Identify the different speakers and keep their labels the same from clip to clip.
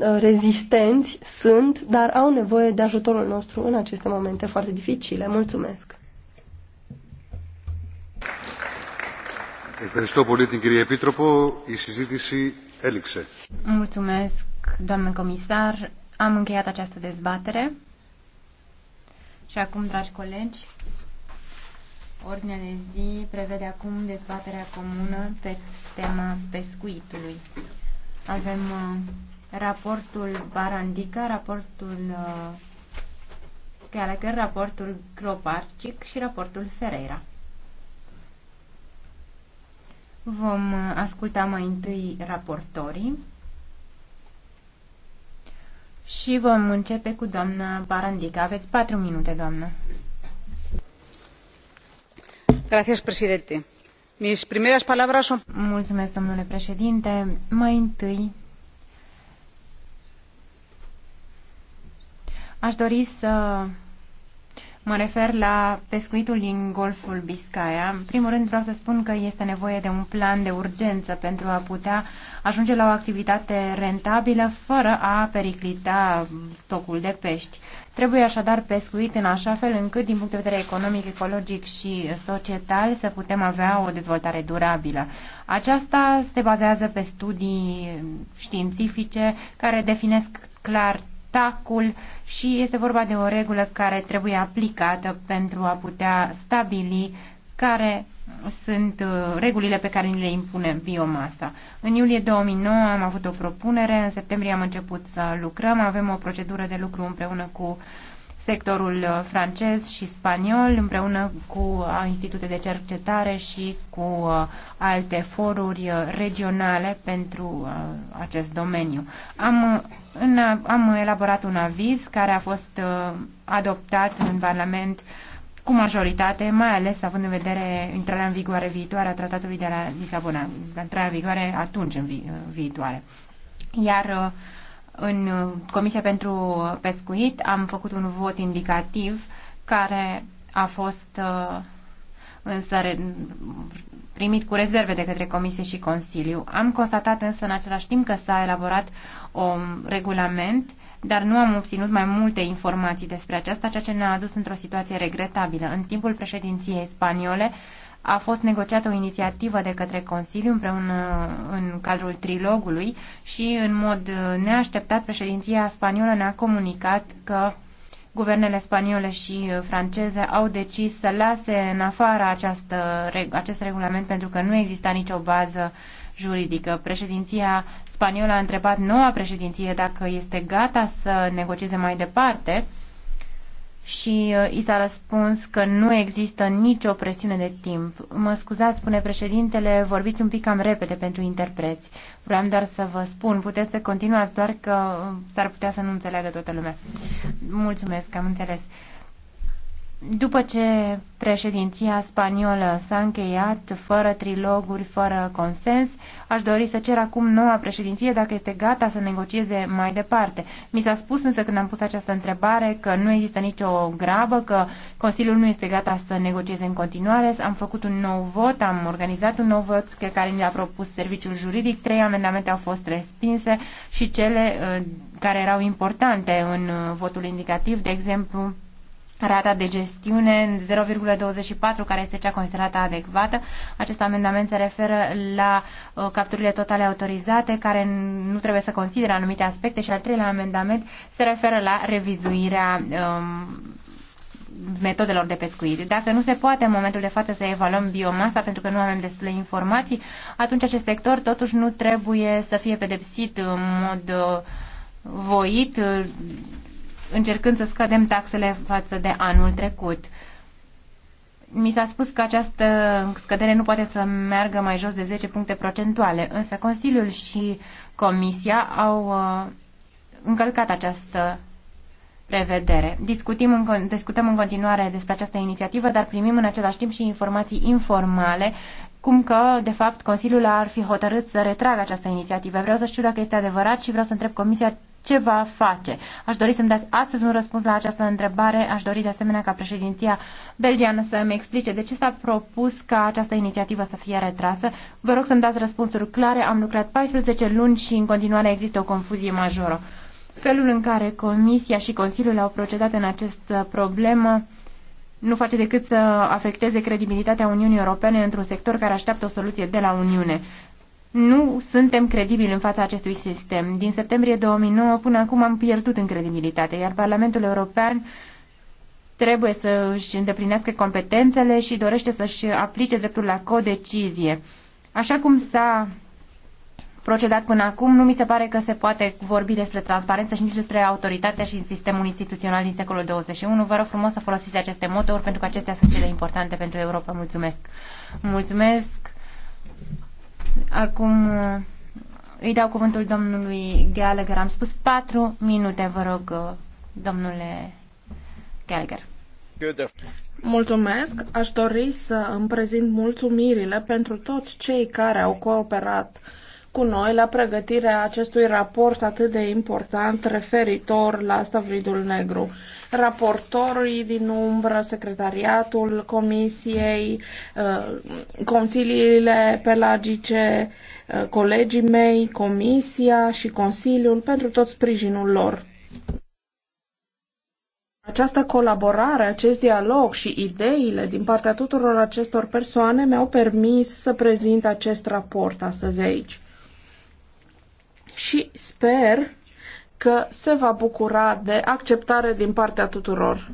Speaker 1: Uh, rezistenți sunt, dar au nevoie de ajutorul nostru în aceste momente foarte dificile. Mulțumesc!
Speaker 2: Ευχαριστώ πολύ την κυρία Επίτροπο. Η
Speaker 3: Mulțumesc, doamnă comisar. Am încheiat această dezbatere. Și acum, dragi colegi, ordinea de zi prevede acum dezbaterea comună pe tema pescuitului. Avem uh, raportul Barandica, raportul uh, Gallagher, raportul Groparcic și raportul Ferreira. Vom uh, asculta mai întâi raportorii și vom începe cu doamna Barandica. Aveți patru minute, doamnă. Gracias, presidente. Mis primeras palabras son... Mulțumesc, domnule președinte. Mai întâi Aș dori să mă refer la pescuitul din Golful Biscaya. În primul rând vreau să spun că este nevoie de un plan de urgență pentru a putea ajunge la o activitate rentabilă fără a periclita stocul de pești. Trebuie așadar pescuit în așa fel încât, din punct de vedere economic, ecologic și societal, să putem avea o dezvoltare durabilă. Aceasta se bazează pe studii științifice care definesc clar tacul și este vorba de o regulă care trebuie aplicată pentru a putea stabili care sunt uh, regulile pe care ni le impune biomasa. În iulie 2009 am avut o propunere, în septembrie am început să lucrăm, avem o procedură de lucru împreună cu sectorul uh, francez și spaniol, împreună cu uh, institute de cercetare și cu alte foruri regionale pentru acest domeniu. Am în, am elaborat un aviz care a fost uh, adoptat în Parlament cu majoritate, mai ales având în vedere intrarea în vigoare viitoare a tratatului de la Lisabona, intrarea în vigoare atunci în vi, uh, viitoare. Iar uh, în uh, Comisia pentru Pescuit am făcut un vot indicativ care a fost uh, însă primit cu rezerve de către Comisie și Consiliu. Am constatat însă în același timp că s-a elaborat un um, regulament, dar nu am obținut mai multe informații despre aceasta, ceea ce ne-a adus într-o situație regretabilă. În timpul președinției spaniole a fost negociată o inițiativă de către Consiliu împreună uh, în cadrul trilogului și în mod uh, neașteptat președinția spaniolă ne-a comunicat că guvernele spaniole și uh, franceze au decis să lase în afara această, acest regulament pentru că nu exista nicio bază juridică. Președinția spaniolă a întrebat noua președinție dacă este gata să negocieze mai departe și uh, i s-a răspuns că nu există nicio presiune de timp. Mă scuzați, spune președintele, vorbiți un pic cam repede pentru interpreți. Vreau doar să vă spun, puteți să continuați, doar că uh, s-ar putea să nu înțeleagă toată lumea. Mulțumesc, am înțeles. După ce președinția spaniolă s-a încheiat fără triloguri, fără consens, Aș dori să cer acum noua președinție dacă este gata să negocieze mai departe. Mi s-a spus însă când am pus această întrebare că nu există nicio grabă, că Consiliul nu este gata să negocieze în continuare. Am făcut un nou vot, am organizat un nou vot pe care mi l-a propus serviciul juridic. Trei amendamente au fost respinse și cele uh, care erau importante în uh, votul indicativ, de exemplu rata de gestiune 0,24, care este cea considerată adecvată. Acest amendament se referă la uh, capturile totale autorizate, care nu trebuie să consideră anumite aspecte și al treilea amendament se referă la revizuirea um, metodelor de pescuit. Dacă nu se poate în momentul de față să evaluăm biomasa pentru că nu avem destule informații, atunci acest sector totuși nu trebuie să fie pedepsit în mod uh, voit uh, încercând să scădem taxele față de anul trecut. Mi s-a spus că această scădere nu poate să meargă mai jos de 10 puncte procentuale, însă Consiliul și Comisia au uh, încălcat această prevedere. Discutim în, discutăm în continuare despre această inițiativă, dar primim în același timp și informații informale cum că, de fapt, Consiliul ar fi hotărât să retragă această inițiativă. Vreau să știu dacă este adevărat și vreau să întreb Comisia ce va face. Aș dori să-mi dați astăzi un răspuns la această întrebare. Aș dori de asemenea ca președinția belgiană să-mi explice de ce s-a propus ca această inițiativă să fie retrasă. Vă rog să-mi dați răspunsuri clare. Am lucrat 14 luni și în continuare există o confuzie majoră. Felul în care Comisia și Consiliul au procedat în această problemă nu face decât să afecteze credibilitatea Uniunii Europene într-un sector care așteaptă o soluție de la Uniune. Nu suntem credibili în fața acestui sistem. Din septembrie 2009 până acum am pierdut în credibilitate, iar Parlamentul European trebuie să își îndeplinească competențele și dorește să-și aplice dreptul la codecizie. Așa cum s-a procedat până acum. Nu mi se pare că se poate vorbi despre transparență și nici despre autoritatea și sistemul instituțional din secolul 21. Vă rog frumos să folosiți aceste motouri pentru că acestea sunt cele importante pentru Europa. Mulțumesc! Mulțumesc! Acum uh, îi dau cuvântul domnului Gallagher. Am spus patru minute, vă rog, uh, domnule Gallagher.
Speaker 4: Mulțumesc! Aș dori să îmi prezint mulțumirile pentru toți cei care au cooperat cu noi la pregătirea acestui raport atât de important referitor la Stavridul Negru. Raportorii din umbră, secretariatul comisiei, uh, consiliile pelagice, uh, colegii mei, comisia și Consiliul pentru tot sprijinul lor. Această colaborare, acest dialog și ideile din partea tuturor acestor persoane mi-au permis să prezint acest raport astăzi aici și sper că se va bucura de acceptare din partea tuturor.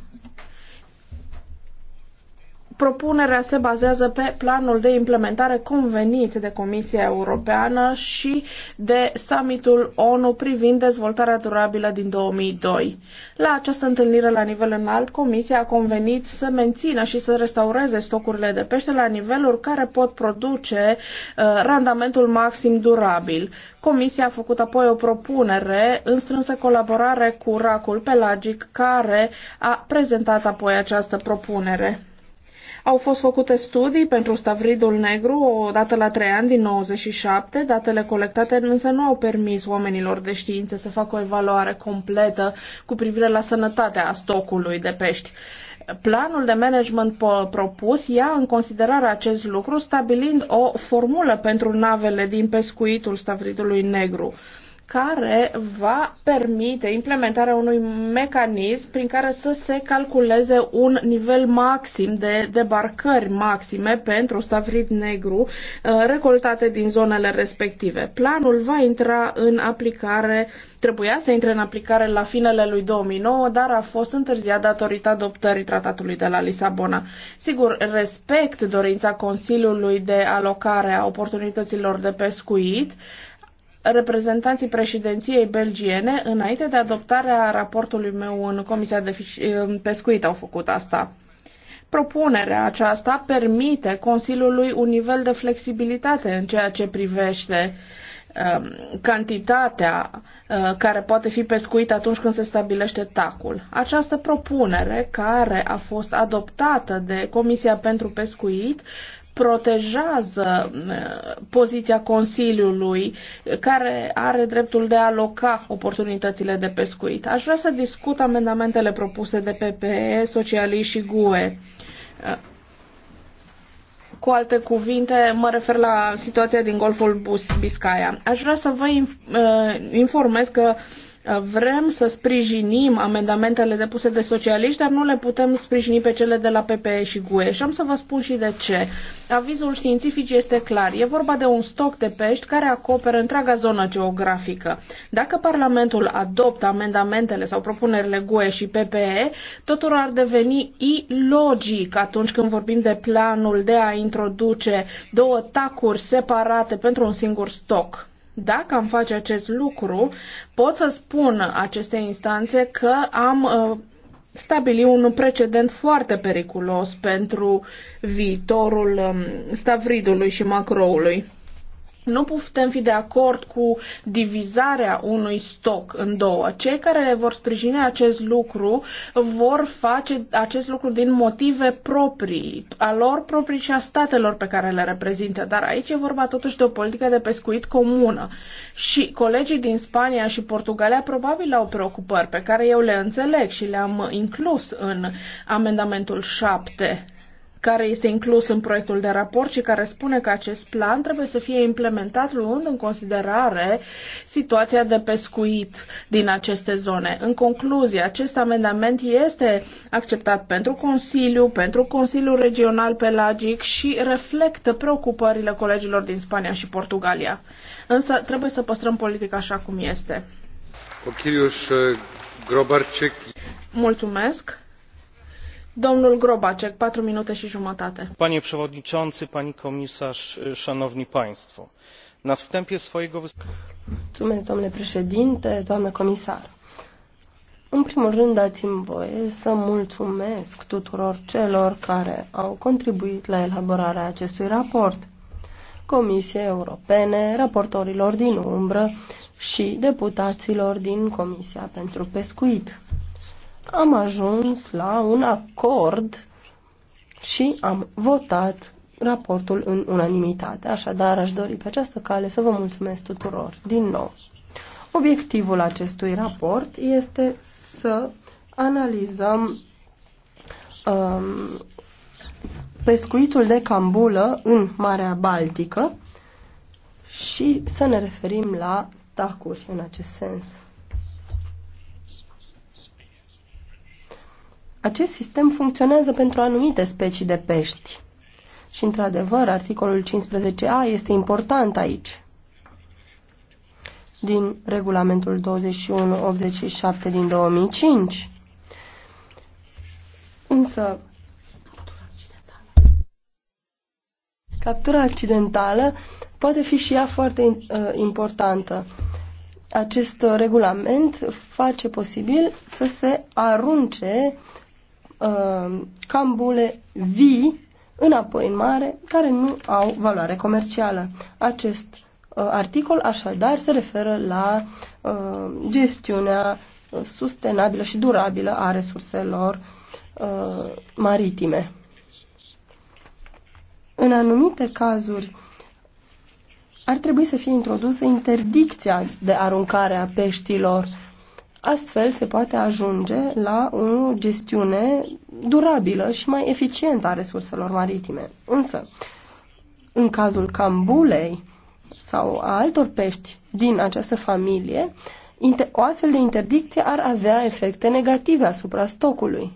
Speaker 4: Propunerea se bazează pe planul de implementare convenit de Comisia Europeană și de summitul ONU privind dezvoltarea durabilă din 2002. La această întâlnire la nivel înalt, Comisia a convenit să mențină și să restaureze stocurile de pește la niveluri care pot produce uh, randamentul maxim durabil. Comisia a făcut apoi o propunere în strânsă colaborare cu Racul Pelagic, care a prezentat apoi această propunere. Au fost făcute studii pentru stavridul negru o dată la trei ani din 97. Datele colectate însă nu au permis oamenilor de știință să facă o evaluare completă cu privire la sănătatea stocului de pești. Planul de management propus ia în considerare acest lucru, stabilind o formulă pentru navele din pescuitul stavridului negru care va permite implementarea unui mecanism prin care să se calculeze un nivel maxim de debarcări maxime pentru stavrit negru uh, recoltate din zonele respective. Planul va intra în aplicare, trebuia să intre în aplicare la finele lui 2009, dar a fost întârziat datorită adoptării tratatului de la Lisabona. Sigur, respect dorința Consiliului de alocare a oportunităților de pescuit, reprezentanții președinției belgiene, înainte de adoptarea raportului meu în Comisia de Pescuit, au făcut asta. Propunerea aceasta permite Consiliului un nivel de flexibilitate în ceea ce privește um, cantitatea uh, care poate fi pescuită atunci când se stabilește tacul. Această propunere care a fost adoptată de Comisia pentru Pescuit protejează eh, poziția Consiliului, care are dreptul de a aloca oportunitățile de pescuit. Aș vrea să discut amendamentele propuse de PPE, Socialiști și GUE. Eh, cu alte cuvinte, mă refer la situația din Golful Biscaya. Aș vrea să vă eh, informez că Vrem să sprijinim amendamentele depuse de socialiști, dar nu le putem sprijini pe cele de la PPE și GUE. Și am să vă spun și de ce. Avizul științific este clar. E vorba de un stoc de pești care acoperă întreaga zonă geografică. Dacă Parlamentul adoptă amendamentele sau propunerile GUE și PPE, totul ar deveni ilogic atunci când vorbim de planul de a introduce două tacuri separate pentru un singur stoc dacă am face acest lucru, pot să spun aceste instanțe că am uh, stabilit stabili un precedent foarte periculos pentru viitorul um, Stavridului și Macroului. Nu putem fi de acord cu divizarea unui stoc în două. Cei care vor sprijini acest lucru vor face acest lucru din motive proprii, a lor proprii și a statelor pe care le reprezintă. Dar aici e vorba totuși de o politică de pescuit comună. Și colegii din Spania și Portugalia probabil au preocupări pe care eu le înțeleg și le-am inclus în amendamentul 7 care este inclus în proiectul de raport și care spune că acest plan trebuie să fie implementat luând în considerare situația de pescuit din aceste zone. În concluzie, acest amendament este acceptat pentru Consiliu, pentru Consiliul Regional Pelagic și reflectă preocupările colegilor din Spania și Portugalia. Însă trebuie să păstrăm politica așa cum este. Mulțumesc. Domnul Grobacek, 4 minute și jumătate.
Speaker 5: Panie przewodniczący, pani komisarz, szanowni państwo. Na wstępie swojego
Speaker 1: Mulțumesc, domnule președinte, doamnă comisar. În primul rând, dați-mi voie să mulțumesc tuturor celor care au contribuit la elaborarea acestui raport. Comisiei Europene, raportorilor din umbră și deputaților din Comisia pentru Pescuit am ajuns la un acord și am votat raportul în unanimitate. Așadar, aș dori pe această cale să vă mulțumesc tuturor din nou. Obiectivul acestui raport este să analizăm um, pescuitul de cambulă în Marea Baltică și să ne referim la tacuri în acest sens. Acest sistem funcționează pentru anumite specii de pești. Și, într-adevăr, articolul 15a este important aici. Din regulamentul 2187 din 2005. Însă, captura accidentală poate fi și ea foarte uh, importantă. Acest regulament face posibil să se arunce Uh, cambule vii înapoi în mare, care nu au valoare comercială. Acest uh, articol, așadar, se referă la uh, gestiunea sustenabilă și durabilă a resurselor uh, maritime. În anumite cazuri, ar trebui să fie introdusă interdicția de aruncare a peștilor uh, Astfel se poate ajunge la o gestiune durabilă și mai eficientă a resurselor maritime. Însă, în cazul cambulei sau a altor pești din această familie, o astfel de interdicție ar avea efecte negative asupra stocului.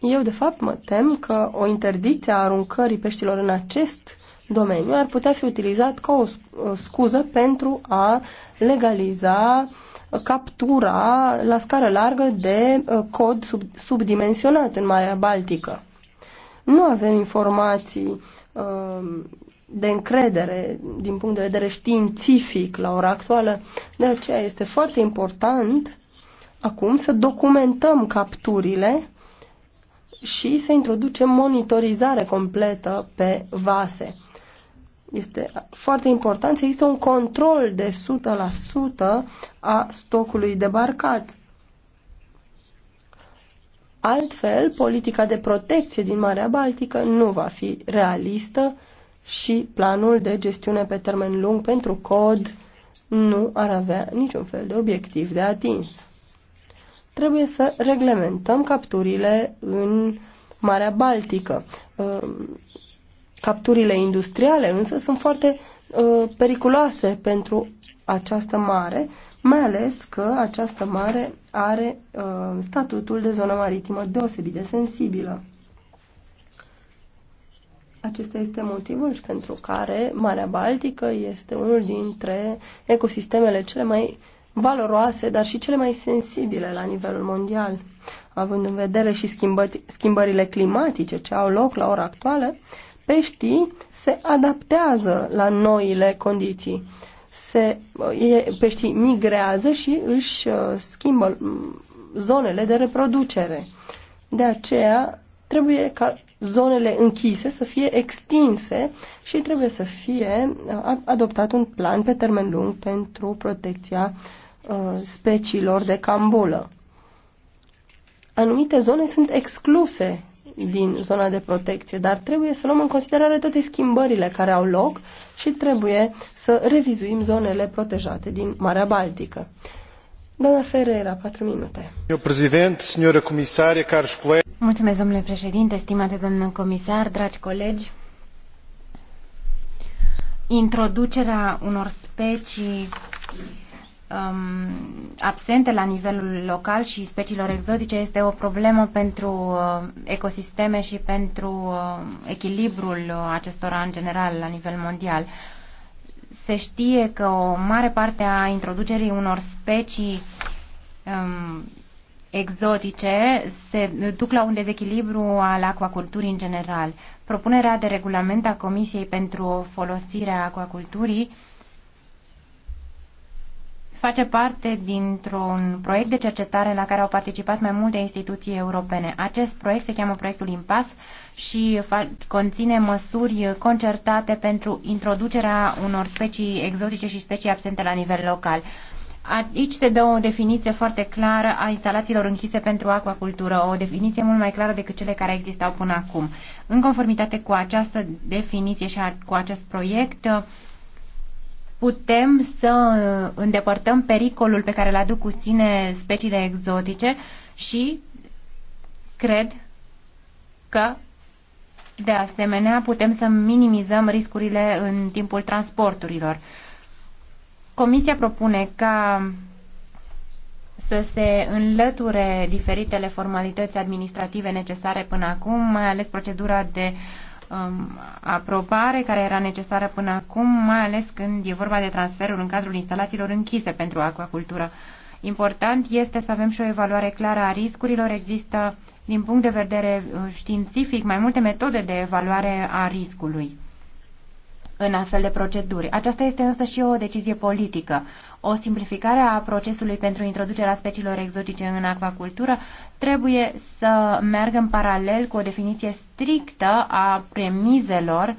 Speaker 1: Eu, de fapt, mă tem că o interdicție a aruncării peștilor în acest domeniu ar putea fi utilizat ca o scuză pentru a legaliza captura la scară largă de uh, cod sub, subdimensionat în Marea Baltică. Nu avem informații um, de încredere din punct de vedere științific la ora actuală, de aceea este foarte important acum să documentăm capturile și să introducem monitorizare completă pe vase este foarte important să există un control de 100% a stocului debarcat. Altfel, politica de protecție din Marea Baltică nu va fi realistă și planul de gestiune pe termen lung pentru cod nu ar avea niciun fel de obiectiv de atins. Trebuie să reglementăm capturile în Marea Baltică. Ehm, Capturile industriale însă sunt foarte uh, periculoase pentru această mare, mai ales că această mare are uh, statutul de zonă maritimă deosebit de sensibilă. Acesta este motivul pentru care Marea Baltică este unul dintre ecosistemele cele mai valoroase, dar și cele mai sensibile la nivelul mondial. Având în vedere și schimbările climatice ce au loc la ora actuală, uh, peștii se adaptează la noile condiții. Se, peștii migrează și își uh, schimbă zonele de reproducere. De aceea trebuie ca zonele închise să fie extinse și trebuie să fie uh, adoptat un plan pe termen lung pentru protecția uh, speciilor de cambolă. Anumite zone sunt excluse din zona de protecție, dar trebuie să luăm în considerare toate schimbările care au loc și trebuie să revizuim zonele protejate din Marea Baltică.
Speaker 3: Doamna Ferreira, patru minute.
Speaker 5: Eu prezident, signora comisarie, colegi.
Speaker 3: Mulțumesc, domnule președinte, stimate domnul comisar, dragi colegi. Introducerea unor specii um, absente la nivelul local și speciilor exotice este o problemă pentru uh, ecosisteme și pentru uh, echilibrul uh, acestora în general la nivel mondial. Se știe că o mare parte a introducerii unor specii um, exotice se duc la un dezechilibru al acuaculturii în general. Propunerea de regulament a Comisiei pentru folosirea acuaculturii uh, face parte dintr-un proiect de cercetare la care au participat mai multe instituții europene. Acest proiect se cheamă proiectul IMPAS și conține măsuri concertate pentru introducerea unor specii exotice și specii absente la nivel local. Aici se dă o definiție foarte clară a instalațiilor închise pentru aquacultură, o definiție mult mai clară decât cele care existau până acum. În conformitate cu această definiție și cu acest proiect, putem să uh, îndepărtăm pericolul pe care îl aduc cu sine speciile exotice și cred că de asemenea putem să minimizăm riscurile în timpul transporturilor. Comisia propune ca să se înlăture diferitele formalități administrative necesare până acum, mai ales procedura de uh, um, aprobare care era necesară până acum, mai ales când e vorba de transferul în cadrul instalațiilor închise pentru aquacultură. Important este să avem și o evaluare clară a riscurilor. Există, din punct de vedere uh, științific, mai multe metode de evaluare a riscului în astfel de proceduri. Aceasta este însă și o decizie politică o simplificare a procesului pentru introducerea speciilor exotice în acvacultură trebuie să meargă în paralel cu o definiție strictă a premizelor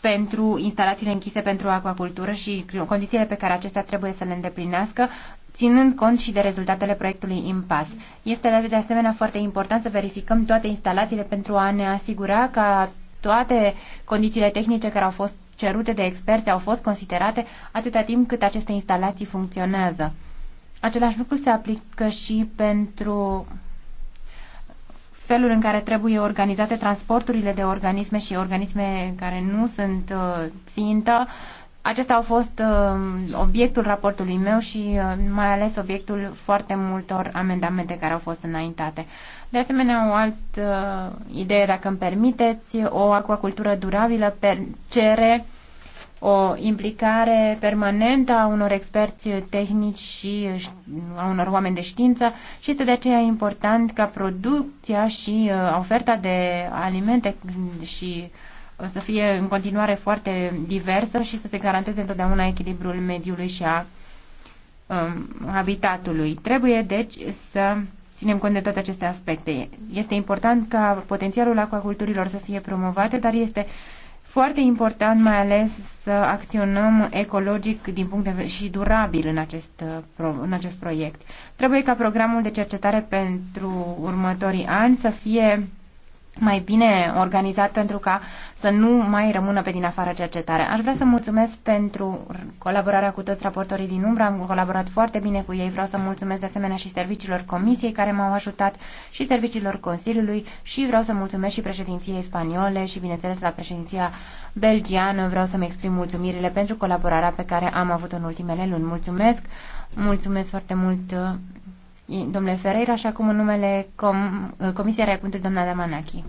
Speaker 3: pentru instalațiile închise pentru acvacultură și condițiile pe care acestea trebuie să le îndeplinească, ținând cont și de rezultatele proiectului IMPAS. Este de asemenea foarte important să verificăm toate instalațiile pentru a ne asigura că toate condițiile tehnice care au fost cerute de experți au fost considerate atâta timp cât aceste instalații funcționează. Același lucru se aplică și pentru felul în care trebuie organizate transporturile de organisme și organisme care nu sunt uh, țintă Acestea au fost uh, obiectul raportului meu și uh, mai ales obiectul foarte multor amendamente care au fost înaintate. De asemenea, o altă uh, idee, dacă îmi permiteți, o aquacultură durabilă per- cere o implicare permanentă a unor experți tehnici și uh, a unor oameni de știință și este de aceea important ca producția și uh, oferta de alimente și uh, să fie în continuare foarte diversă și să se garanteze întotdeauna echilibrul mediului și a um, habitatului. Trebuie, deci, să ținem cont de toate aceste aspecte. Este important ca potențialul acuaculturilor să fie promovate, dar este foarte important mai ales să acționăm ecologic din punct de vedere și durabil în acest, uh, în acest proiect. Trebuie ca programul de cercetare pentru următorii ani să fie mai bine organizat pentru ca să nu mai rămână pe din afară cercetarea. Aș vrea să mulțumesc pentru colaborarea cu toți raportorii din umbra. am colaborat foarte bine cu ei, vreau să mulțumesc de asemenea și serviciilor comisiei care m-au ajutat și serviciilor Consiliului și vreau să mulțumesc și președinției spaniole și bineînțeles la președinția belgiană vreau să-mi exprim mulțumirile pentru colaborarea pe care am avut-o în ultimele luni. Mulțumesc! Mulțumesc foarte mult domnule Ferreira și acum în numele Com Comisiei Reacuntul doamna Damanachi.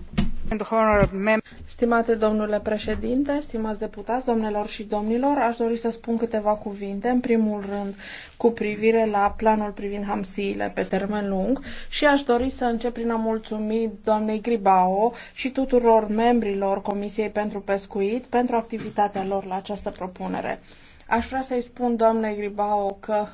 Speaker 4: Stimate domnule președinte, stimați deputați, domnilor și domnilor, aș dori să spun câteva cuvinte, în primul rând cu privire la planul privind hamsiile pe termen lung și aș dori să încep prin a mulțumi doamnei Gribao și tuturor membrilor Comisiei pentru Pescuit pentru activitatea lor la această propunere. Aș vrea să-i spun doamnei Gribao că,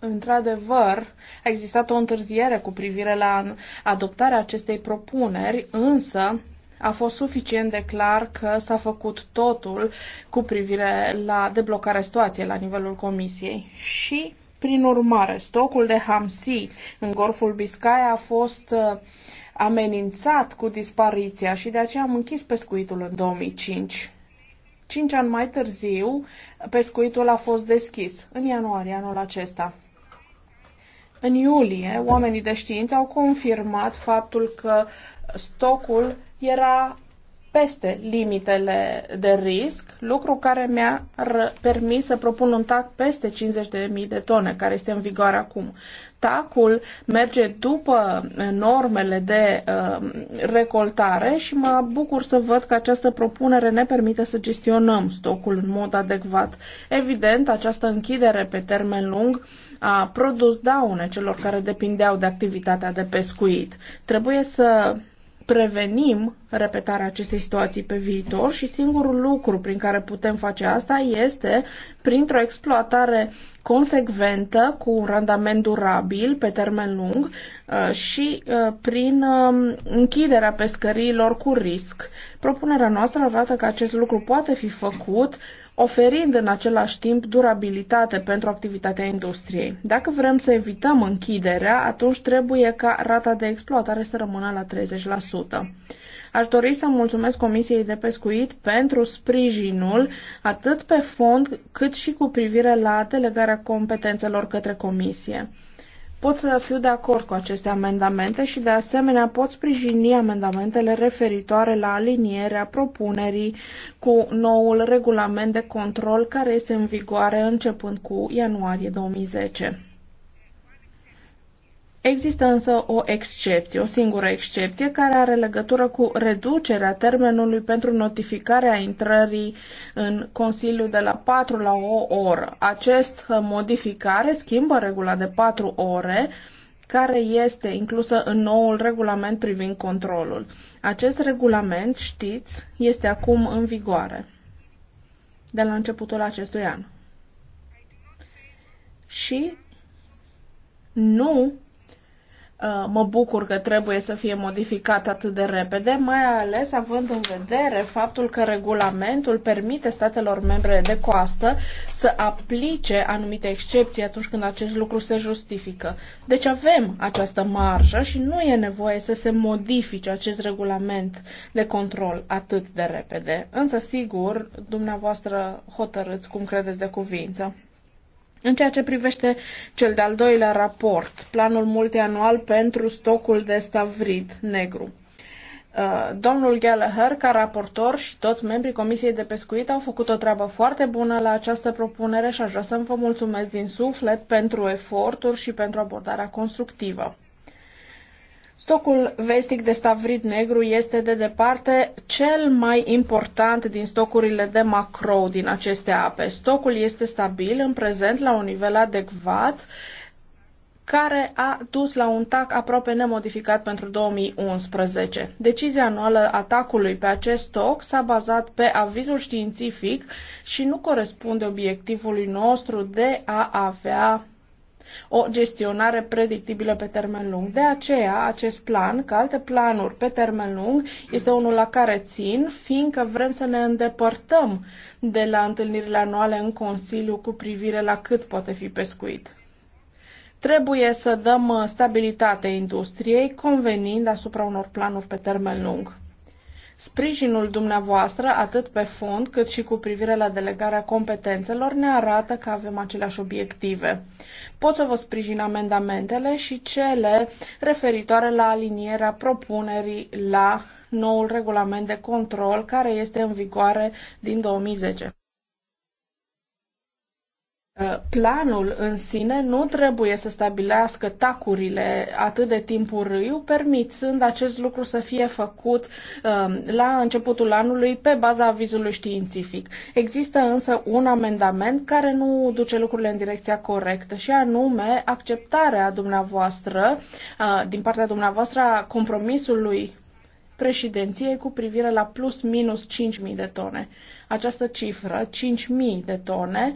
Speaker 4: într-adevăr, a existat o întârziere cu privire la adoptarea acestei propuneri, însă a fost suficient de clar că s-a făcut totul cu privire la deblocarea situației la nivelul comisiei și prin urmare, stocul de hamsi în Golful Biscay a fost uh, amenințat cu dispariția și de aceea am închis pescuitul în 2005. Cinci ani mai târziu, pescuitul a fost deschis, în ianuarie anul acesta. În iulie, oamenii de știință au confirmat faptul că stocul era peste limitele de risc, lucru care mi-a permis să propun un TAC peste 50.000 de tone, care este în vigoare acum. TAC-ul merge după uh, normele de uh, recoltare și mă bucur să văd că această propunere ne permite să gestionăm stocul în mod adecvat. Evident, această închidere pe termen lung a produs daune celor care depindeau de activitatea de pescuit. Trebuie să prevenim repetarea acestei situații pe viitor și singurul lucru prin care putem face asta este printr-o exploatare consecventă cu un randament durabil pe termen lung uh, și uh, prin um, închiderea pescăriilor cu risc. Propunerea noastră arată că acest lucru poate fi făcut oferind în același timp durabilitate pentru activitatea industriei. Dacă vrem să evităm închiderea, atunci trebuie ca rata de exploatare să rămână la 30%. Aș dori să mulțumesc Comisiei de Pescuit pentru sprijinul atât pe fond cât și cu privire la delegarea competențelor către Comisie. Pot să fiu de acord cu aceste amendamente și, de asemenea, pot sprijini amendamentele referitoare la alinierea propunerii cu noul regulament de control care este în vigoare începând cu ianuarie 2010. Există însă o excepție, o singură excepție, care are legătură cu reducerea termenului pentru notificarea intrării în Consiliu de la 4 la o oră. Această uh, modificare schimbă regula de 4 ore care este inclusă în noul regulament privind controlul. Acest regulament, știți, este acum în vigoare de la începutul acestui an. Și nu Uh, mă bucur că trebuie să fie modificat atât de repede, mai ales având în vedere faptul că regulamentul permite statelor membre de coastă să aplice anumite excepții atunci când acest lucru se justifică. Deci avem această marjă și nu e nevoie să se modifice acest regulament de control atât de repede. Însă, sigur, dumneavoastră hotărâți cum credeți de cuvință. În ceea ce privește cel de-al doilea raport, planul multianual pentru stocul de stavrid negru. Uh, domnul Gallagher, ca raportor și toți membrii Comisiei de Pescuit au făcut o treabă foarte bună la această propunere și aș vrea să vă mulțumesc din suflet pentru eforturi și pentru abordarea constructivă. Stocul vestic de stavrid negru este de departe cel mai important din stocurile de macro din aceste ape. Stocul este stabil în prezent la un nivel adecvat care a dus la un TAC aproape nemodificat pentru 2011. Decizia anuală a atacului pe acest stoc s-a bazat pe avizul științific și nu corespunde obiectivului nostru de a avea o gestionare predictibilă pe termen lung. De aceea, acest plan, ca alte planuri pe termen lung, este unul la care țin, fiindcă vrem să ne îndepărtăm de la întâlnirile anuale în Consiliu cu privire la cât poate fi pescuit. Trebuie să dăm stabilitate industriei, convenind asupra unor planuri pe termen lung. Sprijinul dumneavoastră, atât pe fond, cât și cu privire la delegarea competențelor, ne arată că avem aceleași obiective. Pot să vă sprijin amendamentele și cele referitoare la alinierea propunerii la noul regulament de control care este în vigoare din 2010. Planul în sine nu trebuie să stabilească tacurile atât de timpuriu, permițând acest lucru să fie făcut um, la începutul anului pe baza avizului științific. Există însă un amendament care nu duce lucrurile în direcția corectă și anume acceptarea dumneavoastră, uh, din partea dumneavoastră, a compromisului președinției cu privire la plus minus 5.000 de tone. Această cifră, 5.000 de tone,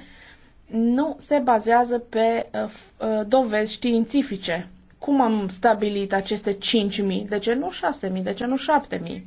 Speaker 4: nu se bazează pe uh, uh, dovezi științifice. Cum am stabilit aceste 5.000? De ce nu 6.000? De ce nu 7.000?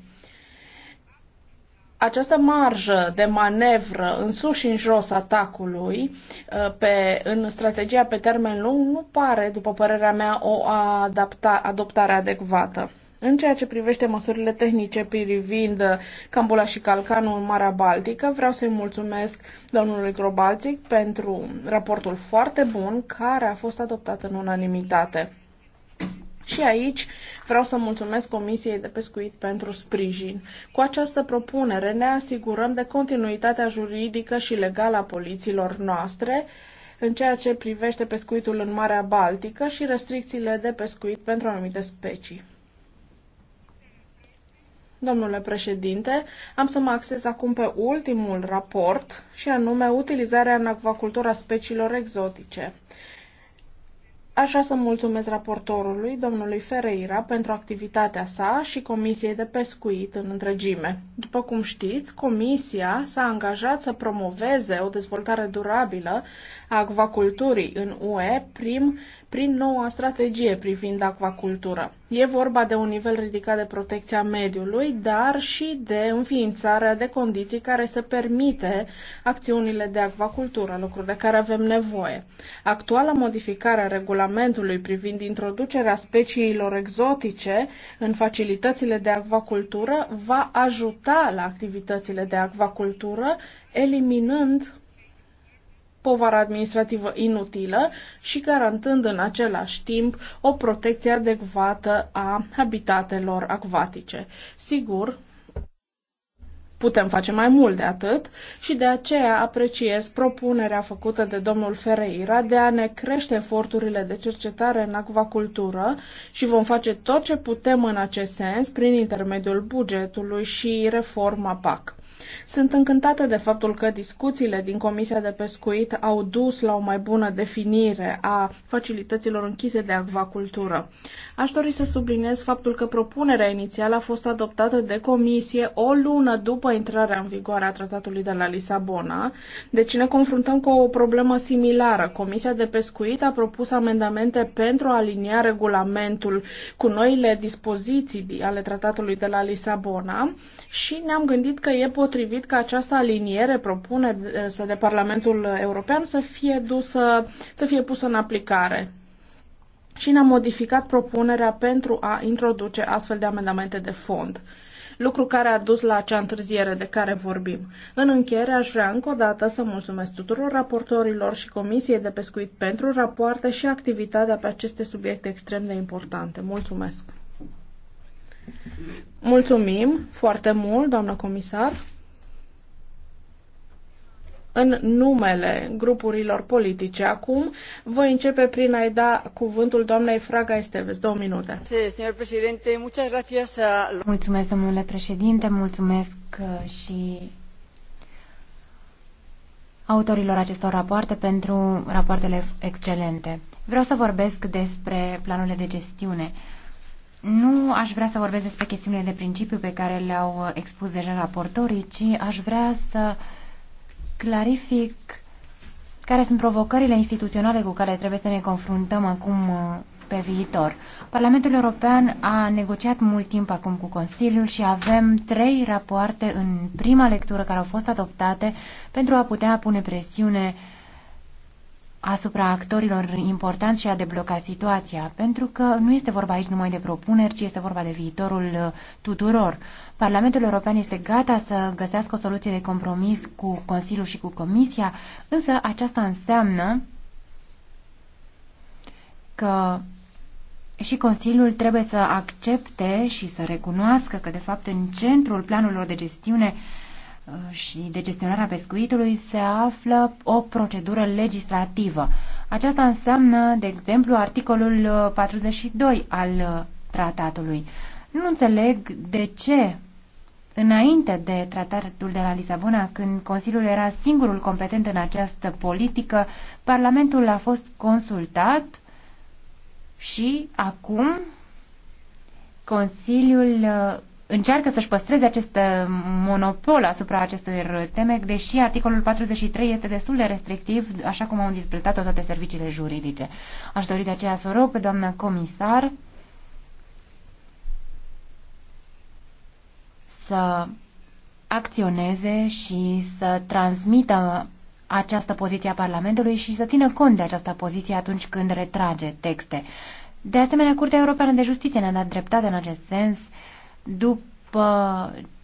Speaker 4: această marjă de manevră în sus și în jos atacului uh, pe, în strategia pe termen lung nu pare, după părerea mea, o adapta, adoptare adecvată. În ceea ce privește măsurile tehnice privind Cambula și Calcanul în Marea Baltică, vreau să-i mulțumesc domnului Grobalțic pentru raportul foarte bun care a fost adoptat în unanimitate. Și aici vreau să mulțumesc Comisiei de Pescuit pentru sprijin. Cu această propunere ne asigurăm de continuitatea juridică și legală a polițiilor noastre în ceea ce privește pescuitul în Marea Baltică și restricțiile de pescuit pentru anumite specii. Domnule președinte, am să mă axez acum pe ultimul raport și anume utilizarea în acvacultura speciilor exotice. Aș vrea să mulțumesc raportorului, domnului Ferreira, pentru activitatea sa și Comisiei de Pescuit în întregime. După cum știți, Comisia s-a angajat să promoveze o dezvoltare durabilă a acvaculturii în UE prim, prin noua strategie privind acvacultură. E vorba de un nivel ridicat de protecția mediului, dar și de înființarea de condiții care să permite acțiunile de acvacultură, lucruri de care avem nevoie. Actuala modificare a regulamentului privind introducerea speciilor exotice în facilitățile de acvacultură va ajuta la activitățile de acvacultură, eliminând povara administrativă inutilă și garantând în același timp o protecție adecvată a habitatelor acvatice. Sigur, putem face mai mult de atât și de aceea apreciez propunerea făcută de domnul Ferreira de a ne crește eforturile de cercetare în acvacultură și vom face tot ce putem în acest sens prin intermediul bugetului și reforma PAC. Sunt încântată de faptul că discuțiile din Comisia de Pescuit au dus la o mai bună definire a facilităților închise de acvacultură. Aș dori să subliniez faptul că propunerea inițială a fost adoptată de Comisie o lună după intrarea în vigoare a Tratatului de la Lisabona, deci ne confruntăm cu o problemă similară. Comisia de Pescuit a propus amendamente pentru a alinia regulamentul cu noile dispoziții ale Tratatului de la Lisabona și ne-am gândit că e potrivit potrivit ca această aliniere propune eh, de Parlamentul European să fie dusă, să fie pusă în aplicare. Și ne-a modificat propunerea pentru a introduce astfel de amendamente de fond lucru care a dus la acea întârziere de care vorbim. În încheiere, aș vrea încă o dată să mulțumesc tuturor raportorilor și Comisiei de Pescuit pentru rapoarte și activitatea pe aceste subiecte extrem de importante. Mulțumesc! Mulțumim foarte mult, doamnă comisar! în numele grupurilor politice. Acum voi începe prin a-i da cuvântul doamnei Fraga Esteves. Două minute.
Speaker 3: Mulțumesc, domnule președinte, mulțumesc uh, și autorilor acestor rapoarte pentru rapoartele excelente. Vreau să vorbesc despre planurile de gestiune. Nu aș vrea să vorbesc despre chestiunile de principiu pe care le-au uh, expus deja raportorii, ci aș vrea să uh, clarific care sunt provocările instituționale cu care trebuie să ne confruntăm acum uh, pe viitor. Parlamentul European a negociat mult timp acum cu Consiliul și avem trei rapoarte în prima lectură care au fost adoptate pentru a putea pune presiune uh, asupra actorilor importanți și a deblocat situația, pentru că nu este vorba aici numai de propuneri, ci este vorba de viitorul uh, tuturor. Parlamentul European este gata să găsească o soluție de compromis cu Consiliul și cu Comisia, însă aceasta înseamnă că și Consiliul trebuie să accepte și să recunoască că, de fapt, în centrul planurilor de gestiune uh, Uh, și de gestionarea pescuitului se află o procedură legislativă. Aceasta înseamnă, de exemplu, articolul 42 uh, al uh, tratatului. Nu înțeleg de ce, înainte de tratatul de la Lisabona, când Consiliul era singurul competent în această politică, Parlamentul a fost consultat și acum Consiliul încearcă să-și păstreze acest uh, monopol asupra acestor teme, deși articolul 43 este destul de restrictiv, așa cum au interpretat-o toate serviciile juridice. Aș dori de aceea să rog pe doamna comisar să acționeze și să transmită această poziție a Parlamentului și să țină cont de această poziție atunci când retrage texte. De asemenea, Curtea Europeană de Justiție ne-a dat dreptate în acest sens după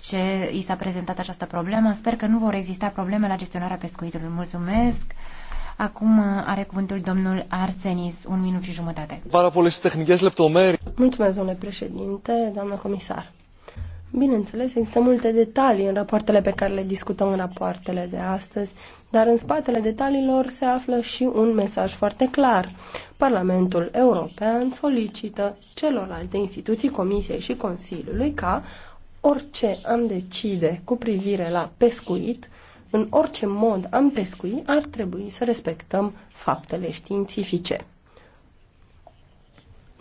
Speaker 3: ce i s-a prezentat această problemă, sper că nu vor exista probleme la gestionarea pescuitului. Mulțumesc! Acum uh, are cuvântul domnul Arsenis, un minut și jumătate. Mulțumesc, domnule președinte, doamnă comisar. Bineînțeles,
Speaker 1: există multe detalii în rapoartele pe care le discutăm în rapoartele de astăzi, dar în spatele detaliilor se află și un mesaj foarte clar. Parlamentul European solicită celorlalte instituții, Comisiei și Consiliului ca orice am decide cu privire la pescuit, în orice mod am pescuit, ar trebui să respectăm faptele științifice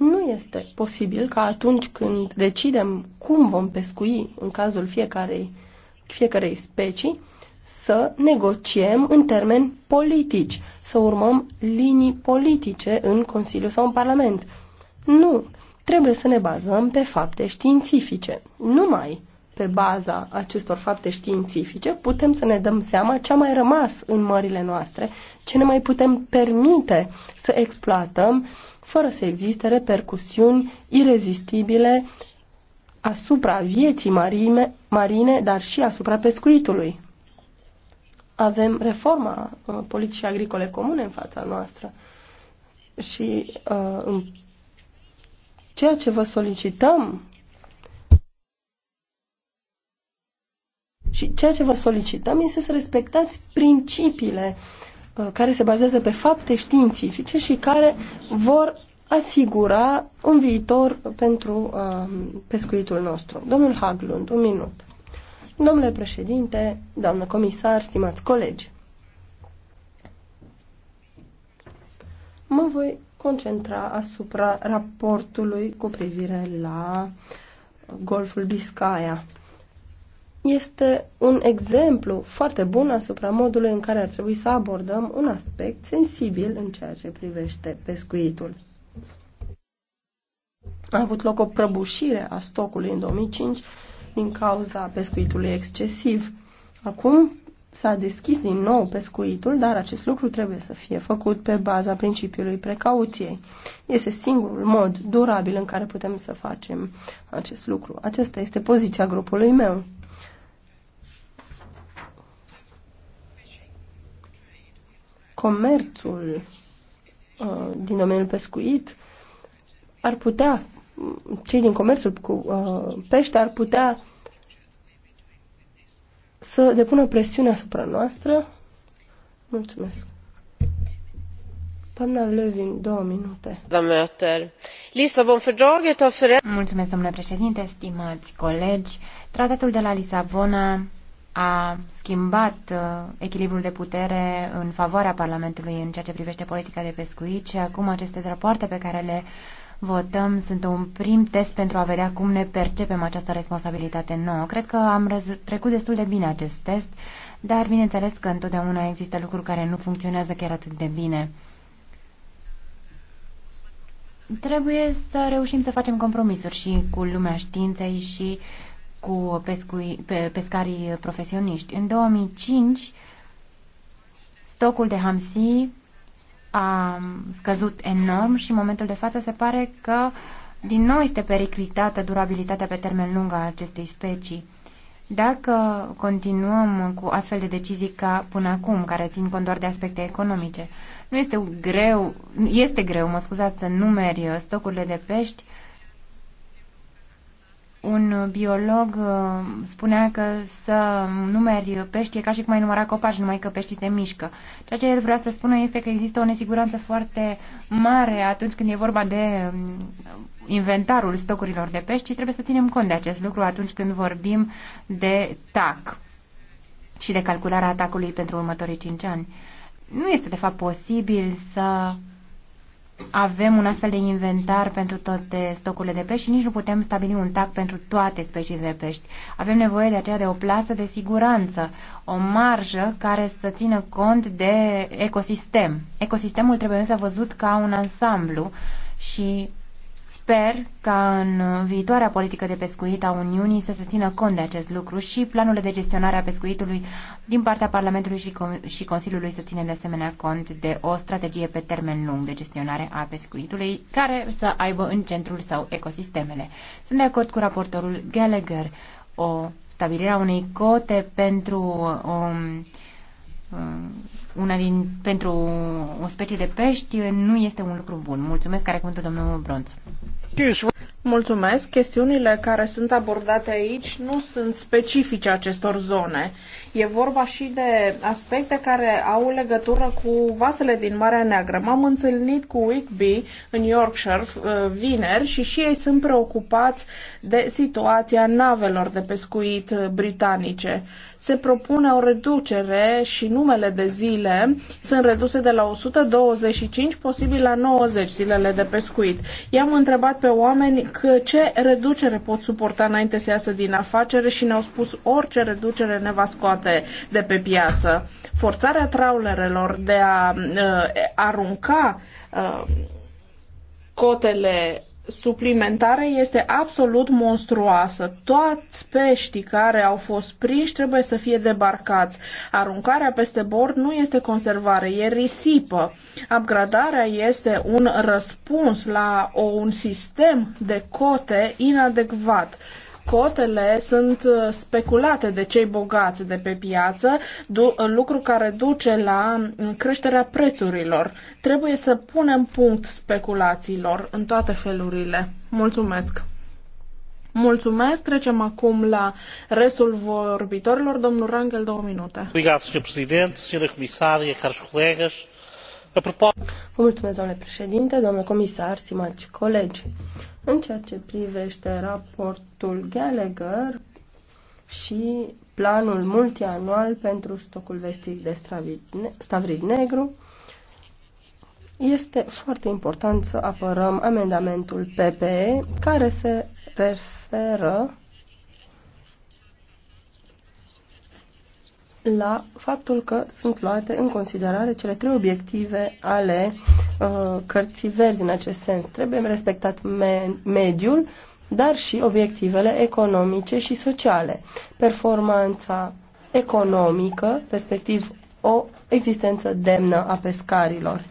Speaker 1: nu este posibil ca atunci când decidem cum vom pescui în cazul fiecarei, fiecarei specii, să negociem în termeni politici, să urmăm linii politice în Consiliu sau în Parlament. Nu, trebuie să ne bazăm pe fapte științifice. Numai pe baza acestor fapte științifice, putem să ne dăm seama ce a mai rămas în mările noastre, ce ne mai putem permite să exploatăm, fără să existe repercusiuni irezistibile asupra vieții marine, marine dar și asupra pescuitului. Avem reforma uh, politicii agricole comune în fața noastră și uh, ceea ce vă solicităm Și ceea ce vă solicităm este să respectați principiile uh, care se bazează pe fapte științifice și care vor asigura un viitor pentru uh, pescuitul nostru. Domnul Haglund, un minut. Domnule președinte, doamnă comisar, stimați colegi, mă voi concentra asupra raportului cu privire la Golful Biscaya este un exemplu foarte bun asupra modului în care ar trebui să abordăm un aspect sensibil în ceea ce privește pescuitul. A avut loc o prăbușire a stocului în 2005 din cauza pescuitului excesiv. Acum s-a deschis din nou pescuitul, dar acest lucru trebuie să fie făcut pe baza principiului precauției. Este singurul mod durabil în care putem să facem acest lucru. Aceasta este poziția grupului meu. comerțul uh, din domeniul pescuit ar putea, cei din comerțul cu uh, pește ar putea să depună presiune asupra noastră. Mulțumesc. Doamna Lövin, două minute.
Speaker 3: Mulțumesc, domnule președinte, stimați colegi. Tratatul de la Lisabona a schimbat uh, echilibrul de putere în favoarea Parlamentului în ceea ce privește politica de pescuit și acum aceste rapoarte pe care le votăm sunt un prim test pentru a vedea cum ne percepem această responsabilitate nouă. Cred că am trecut destul de bine acest test, dar bineînțeles că întotdeauna există lucruri care nu funcționează chiar atât de bine. Trebuie să reușim să facem compromisuri și cu lumea științei și uh, cu pescui, pe, pescarii profesioniști. În 2005, stocul de hamsi a scăzut enorm și în momentul de față se pare că din nou este periclitată durabilitatea pe termen lung a acestei specii. Dacă continuăm cu astfel de decizii ca până acum, care țin cont doar de aspecte economice, nu este greu, este greu, mă scuzați, să numeri stocurile de pești, un biolog uh, spunea că să numeri pești e ca și cum ai număra copaci, numai că peștii se mișcă. Ceea ce el vrea să spună este că există o nesiguranță foarte mare atunci când e vorba de um, inventarul stocurilor de pești și trebuie să ținem cont de acest lucru atunci când vorbim de TAC și de calcularea atacului pentru următorii 5 ani. Nu este de fapt posibil să avem un astfel de inventar pentru toate stocurile de pești și nici nu putem stabili un tac pentru toate speciile de pești. Avem nevoie de aceea de o plasă de siguranță, o marjă care să țină cont de ecosistem. Ecosistemul trebuie însă văzut ca un ansamblu și Sper ca în viitoarea politică de pescuit a Uniunii să se țină cont de acest lucru și planurile de gestionare a pescuitului din partea Parlamentului și, și Consiliului să țină de asemenea cont de o strategie pe termen lung de gestionare a pescuitului care să aibă în centrul său ecosistemele. Sunt de acord cu raportorul Gallagher o stabilirea unei cote pentru o, um, um, una din, pentru o specie de pești nu este un lucru bun. Mulțumesc, care cuvântul domnul Bronț.
Speaker 4: Mulțumesc. Chestiunile
Speaker 3: care sunt abordate aici nu sunt
Speaker 4: specifice acestor zone. E vorba și de aspecte care au legătură cu vasele din Marea Neagră. M-am întâlnit cu Wigby în Yorkshire uh, vineri și și ei sunt preocupați de situația navelor de pescuit uh, britanice. Se propune o reducere și numele de zile sunt reduse de la 125 posibil la 90 zilele de pescuit. I-am întrebat pe oameni că ce reducere pot suporta înainte să iasă din afacere și ne-au spus orice reducere ne va scoate de pe piață. Forțarea traulerelor de a uh, arunca uh, cotele suplimentare este absolut monstruoasă. Toți peștii care au fost prinși trebuie să fie debarcați. Aruncarea peste bord nu este conservare, e risipă. Upgradarea este un răspuns la un sistem de cote inadecvat cotele sunt uh, speculate de cei bogați de pe piață, uh, lucru care duce la mm, creșterea prețurilor. Trebuie să punem punct speculațiilor în toate felurile. Mulțumesc! Mulțumesc. Trecem acum la restul vorbitorilor. Domnul Rangel, două minute.
Speaker 5: Obrigado, Sr. Presidente, Sra. Comissária, caros colegas.
Speaker 1: Mulțumesc, domnule președinte, domnule comisar, stimați colegi. În ceea ce privește raportul Gallagher și planul multianual pentru stocul vestic de stavrid negru, este foarte important să apărăm amendamentul PPE care se referă la faptul că sunt luate în considerare cele trei obiective ale uh, cărții verzi în acest sens. Trebuie respectat me mediul, dar și obiectivele economice și sociale, performanța economică, respectiv o existență demnă a pescarilor.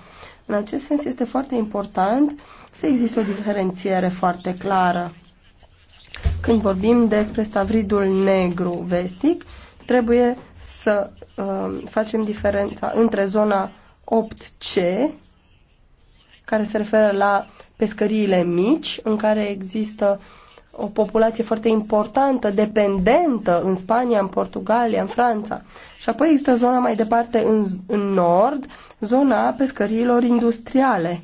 Speaker 1: În acest sens este foarte important să existe o diferențiere foarte clară. Când vorbim despre stavridul negru vestic, uh, trebuie să uh, facem diferența între zona 8C, care se referă la pescăriile mici, în care există o populație foarte importantă, dependentă în Spania, în Portugalia, în Franța. Și apoi există zona mai departe în, în nord, zona pescăriilor industriale,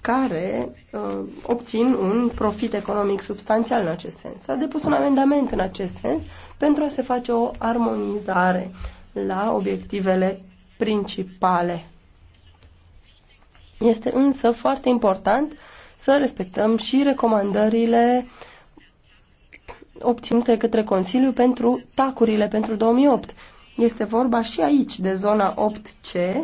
Speaker 1: care uh, obțin un profit economic substanțial în acest sens. S-a depus un amendament în acest sens pentru a se face o armonizare la obiectivele principale. Este însă foarte important să respectăm și recomandările obținute către Consiliu pentru tacurile pentru 2008. Este vorba și aici de zona 8C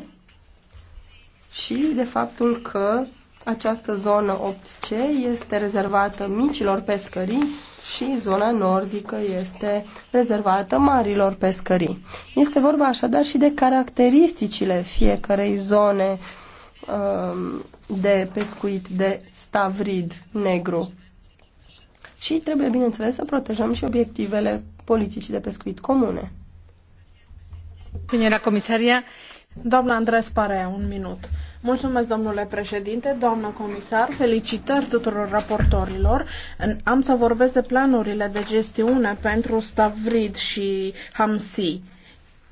Speaker 1: și de faptul că această zonă 8C este rezervată micilor pescării și zona nordică este rezervată marilor pescării. Este vorba așadar și de caracteristicile fiecarei zone um, de pescuit de stavrid negru. Și trebuie, bineînțeles, să protejăm și obiectivele
Speaker 4: politicii de pescuit comune. Doamna Andres Parea, un minut Mulțumesc, domnule președinte, doamnă comisar, felicitări tuturor raportorilor. Am să vorbesc de planurile de gestiune pentru Stavrid și Hamsi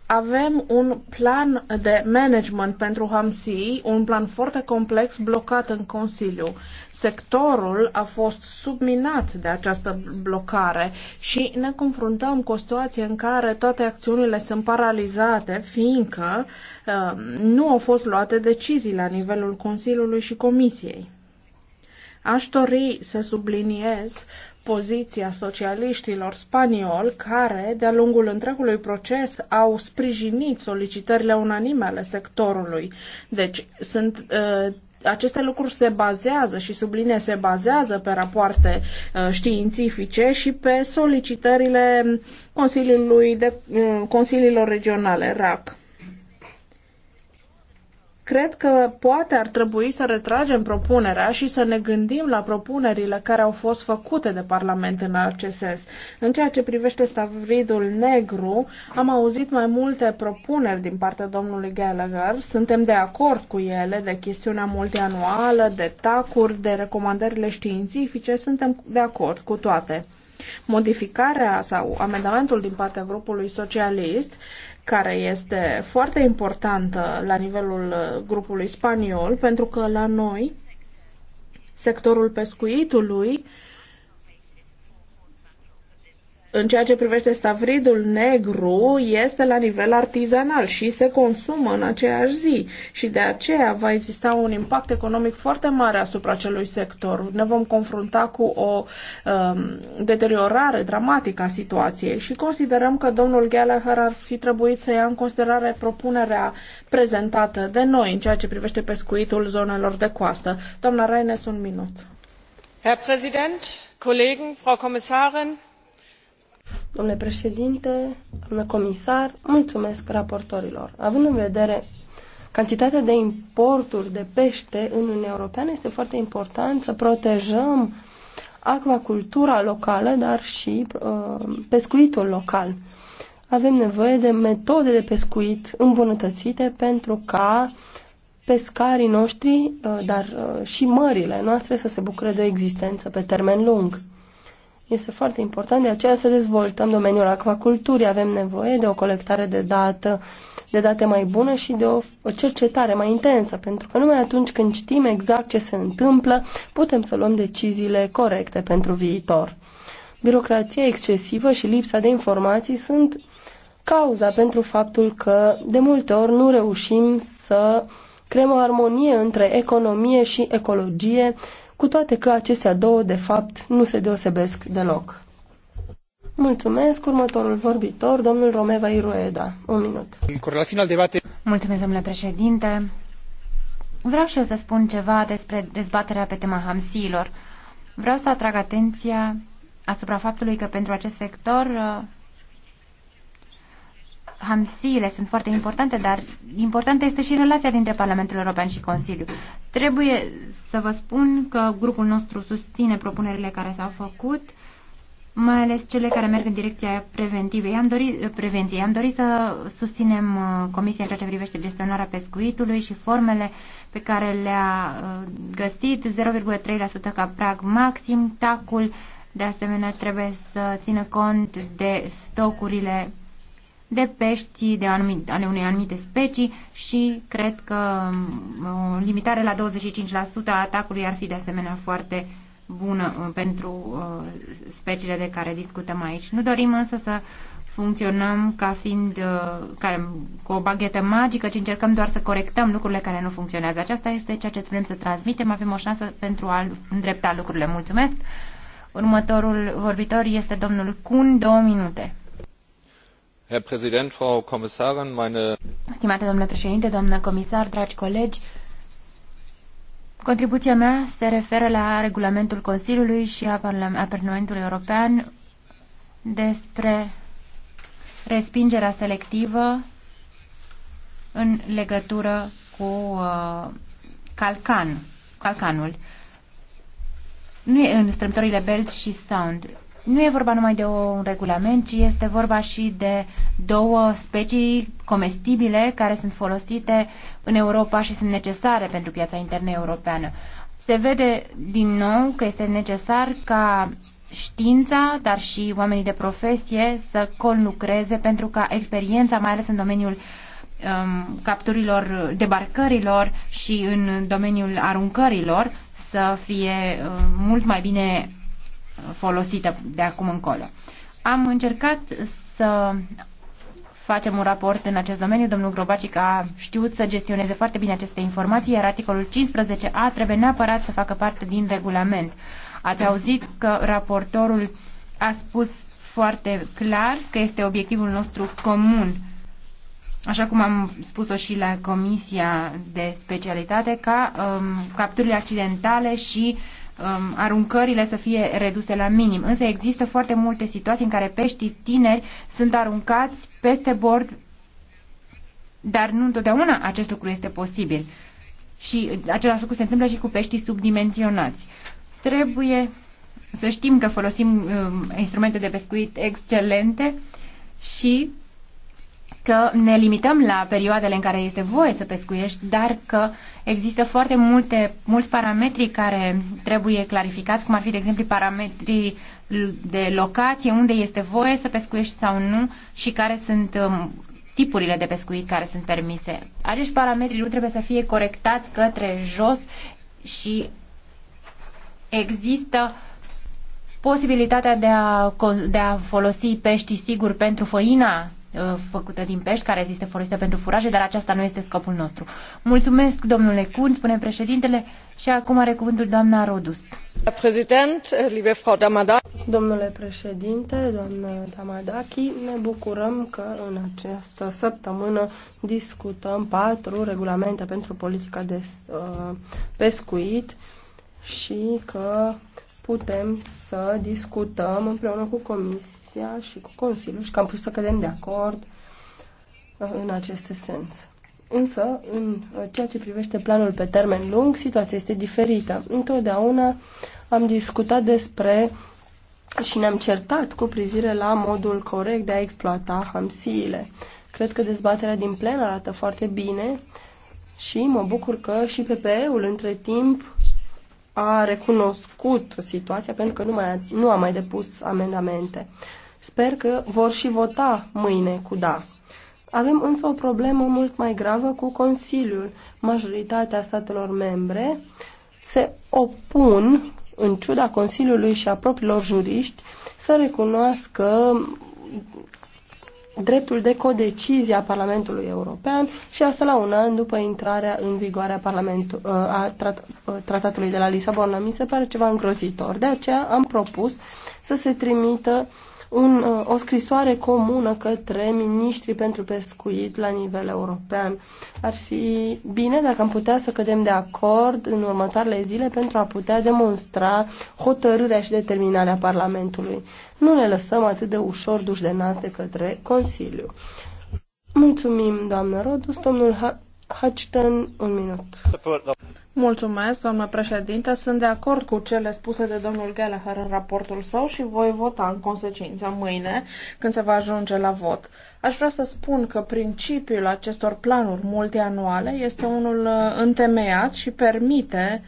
Speaker 4: avem un plan de management pentru Hamsi, un plan foarte complex blocat în Consiliu. Sectorul a fost subminat de această blocare și ne confruntăm cu o situație în care toate acțiunile sunt paralizate, fiindcă uh, nu au fost luate decizii la nivelul Consiliului și Comisiei. Aș dori să subliniez poziția socialiștilor spanioli care, de-a lungul întregului proces, au sprijinit solicitările unanime ale sectorului. Deci, sunt uh, aceste lucruri se bazează și subline se bazează pe rapoarte uh, științifice și pe solicitările Consiliului de, uh, Consiliilor Regionale, RAC. Cred că poate ar trebui să retragem propunerea și să ne gândim la propunerile care au fost făcute de Parlament în acest sens. În ceea ce privește stavridul negru, am auzit mai multe propuneri din partea domnului Gallagher. Suntem de acord cu ele, de chestiunea multianuală, de tacuri, de recomandările științifice, suntem de acord cu toate. Modificarea sau amendamentul din partea grupului socialist care este foarte importantă la nivelul uh, grupului spaniol, pentru că la noi sectorul pescuitului în ceea ce privește stavridul negru, este la nivel artizanal și se consumă în aceeași zi și de aceea va exista un impact economic foarte mare asupra acelui sector. Ne vom confrunta cu o um, deteriorare dramatică a situației și considerăm că domnul Gallagher ar fi trebuit să ia în considerare propunerea prezentată de noi în ceea ce privește pescuitul zonelor de coastă. Doamna Reines, un minut.
Speaker 1: Herr Präsident, Kollegen, Frau Kommissarin, Domnule președinte, domnule comisar, mulțumesc raportorilor. Având în vedere cantitatea de importuri de pește în Uniunea Europeană, este foarte important să protejăm acvacultura locală, dar și uh, pescuitul local. Avem nevoie de metode de pescuit îmbunătățite pentru ca pescarii noștri, uh, dar uh, și mările noastre să se bucure de o existență pe termen lung. Este foarte important de aceea să dezvoltăm domeniul acvaculturii. Avem nevoie de o colectare de, dată, de date mai bună și de o, o cercetare mai intensă, pentru că numai atunci când știm exact ce se întâmplă, putem să luăm deciziile corecte pentru viitor. Birocrația excesivă și lipsa de informații sunt cauza pentru faptul că de multe ori nu reușim să creăm o armonie între economie și ecologie cu toate că acestea două, de fapt, nu se deosebesc deloc. Mulțumesc.
Speaker 3: Următorul vorbitor, domnul Romeva Irueda. Un
Speaker 2: minut. debate.
Speaker 3: Mulțumesc, domnule președinte. Vreau și eu să spun ceva despre dezbaterea pe tema hamsiilor. Vreau să atrag atenția asupra faptului că pentru acest sector hamsiile sunt foarte importante, dar importantă este și relația dintre Parlamentul European și Consiliu. Trebuie să vă spun că grupul nostru susține propunerile care s-au făcut, mai ales cele care merg în direcția preventivei. Am dorit, prevenției. Am dorit să susținem uh, Comisia în ceea ce privește gestionarea pescuitului și formele pe care le-a uh, găsit, 0,3% ca prag maxim, tacul, de asemenea trebuie să țină cont de stocurile de pești de anumit, ale unei anumite specii și cred că um, o limitare la 25% a atacului ar fi de asemenea foarte bună uh, pentru uh, speciile de care discutăm aici. Nu dorim însă să funcționăm ca fiind uh, ca, cu o baghetă magică, ci încercăm doar să corectăm lucrurile care nu funcționează. Aceasta este ceea ce vrem să transmitem. Avem o șansă pentru a îndrepta lucrurile. Mulțumesc! Următorul vorbitor este domnul Cun, două minute.
Speaker 2: Herr Präsident, Frau Kommissarin, meine...
Speaker 3: Stimate domnule președinte, domnule comisar, dragi colegi, contribuția mea se referă la regulamentul Consiliului și a, Parlament, a Parlamentului European despre respingerea selectivă în legătură cu uh, calcan, calcanul. Nu e în strâmtorile Belt și Sound. Nu e vorba numai de un regulament, ci este vorba și de două specii comestibile care sunt folosite în Europa și sunt necesare pentru piața internă europeană. Se vede din nou că este necesar ca știința, dar și oamenii de profesie să conlucreze pentru ca experiența, mai ales în domeniul um, capturilor, debarcărilor și în domeniul aruncărilor, să fie uh, mult mai bine folosită de acum încolo. Am încercat să facem un raport în acest domeniu. Domnul Grobacic a știut să gestioneze foarte bine aceste informații, iar articolul 15a trebuie neapărat să facă parte din regulament. Ați auzit că raportorul a spus foarte clar că este obiectivul nostru comun, așa cum am spus-o și la Comisia de Specialitate, ca um, capturile accidentale și uh, um, aruncările să fie reduse la minim. Însă există foarte multe situații în care peștii tineri sunt aruncați peste bord, dar nu întotdeauna acest lucru este posibil. Și același lucru se întâmplă și cu peștii subdimensionați. Trebuie să știm că folosim um, instrumente de pescuit excelente și că ne limităm la perioadele în care este voie să pescuiești, dar că există foarte multe, mulți parametri care trebuie clarificați, cum ar fi, de exemplu, parametrii de locație, unde este voie să pescuiești sau nu și care sunt um, tipurile de pescuit care sunt permise. Acești parametri nu trebuie să fie corectați către jos și există posibilitatea de a, de a folosi pești sigur pentru făina Uh, făcută din pești, care este folosită pentru furaje, dar aceasta nu este scopul nostru. Mulțumesc, domnule Cun, spune președintele, și acum are cuvântul doamna Rodust.
Speaker 1: Domnule președinte, doamna Damadaki, ne bucurăm că în această săptămână discutăm patru regulamente pentru politica de uh, pescuit și că putem să discutăm împreună cu Comisia și cu Consiliul și că am pus să cădem de acord uh, în acest sens. Însă, în uh, ceea ce privește planul pe termen lung, situația este diferită. Întotdeauna am discutat despre și ne-am certat cu privire la modul corect de a exploata hamsiile. Cred că dezbaterea din plen arată foarte bine și mă bucur că și PPE-ul între timp a recunoscut situația pentru că nu, mai, nu a mai depus amendamente. Sper că vor și vota mâine cu da. Avem însă o problemă mult mai gravă cu Consiliul. Majoritatea statelor membre se opun, în ciuda Consiliului și a propriilor juriști, să recunoască dreptul de codecizie a Parlamentului European și asta la un an după intrarea în vigoare a, Parlamentul, uh, a trat, uh, tratatului de la Lisabona. Mi se pare ceva îngrozitor. De aceea am propus să se trimită uh, un, uh, o scrisoare comună către miniștri pentru pescuit la nivel european. Ar fi bine dacă am putea să cădem de acord în următoarele zile pentru a putea demonstra hotărârea și determinarea Parlamentului. Nu ne lăsăm atât de ușor duși de nas de către Consiliu. Mulțumim, doamnă Rodus. Domnul
Speaker 4: Hudgeton, un minut. Mulțumesc, doamnă președinte. Sunt de acord cu cele spuse de domnul Gallagher în raportul său și voi vota în consecință mâine, când se va ajunge la vot. Aș vrea să spun că principiul acestor planuri multianuale este unul uh, întemeiat și permite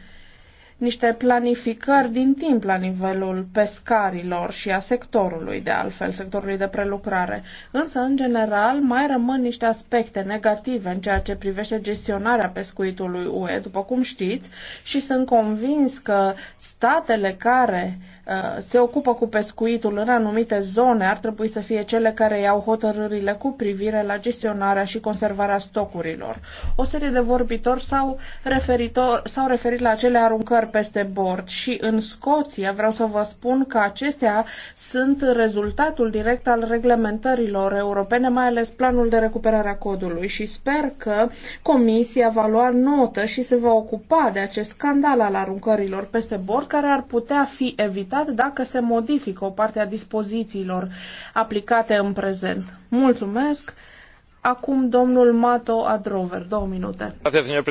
Speaker 4: niște planificări din timp la nivelul pescarilor și a sectorului, de altfel, sectorului de prelucrare. Însă, în general, mai rămân niște aspecte negative în ceea ce privește gestionarea pescuitului UE, după cum știți, și sunt convins că statele care uh, se ocupă cu pescuitul în anumite zone ar trebui să fie cele care iau hotărârile cu privire la gestionarea și conservarea stocurilor. O serie de vorbitori s-au, referitor, s-au referit la acele aruncări peste bord și în Scoția vreau să vă spun că acestea sunt rezultatul direct al reglementărilor europene, mai ales planul de recuperare a codului și sper că Comisia va lua notă și se va ocupa de acest scandal al aruncărilor peste bord care ar putea fi evitat dacă se modifică o parte a dispozițiilor aplicate în prezent. Mulțumesc! Acum domnul Mato Adrover, două minute. Mulțumesc, domnule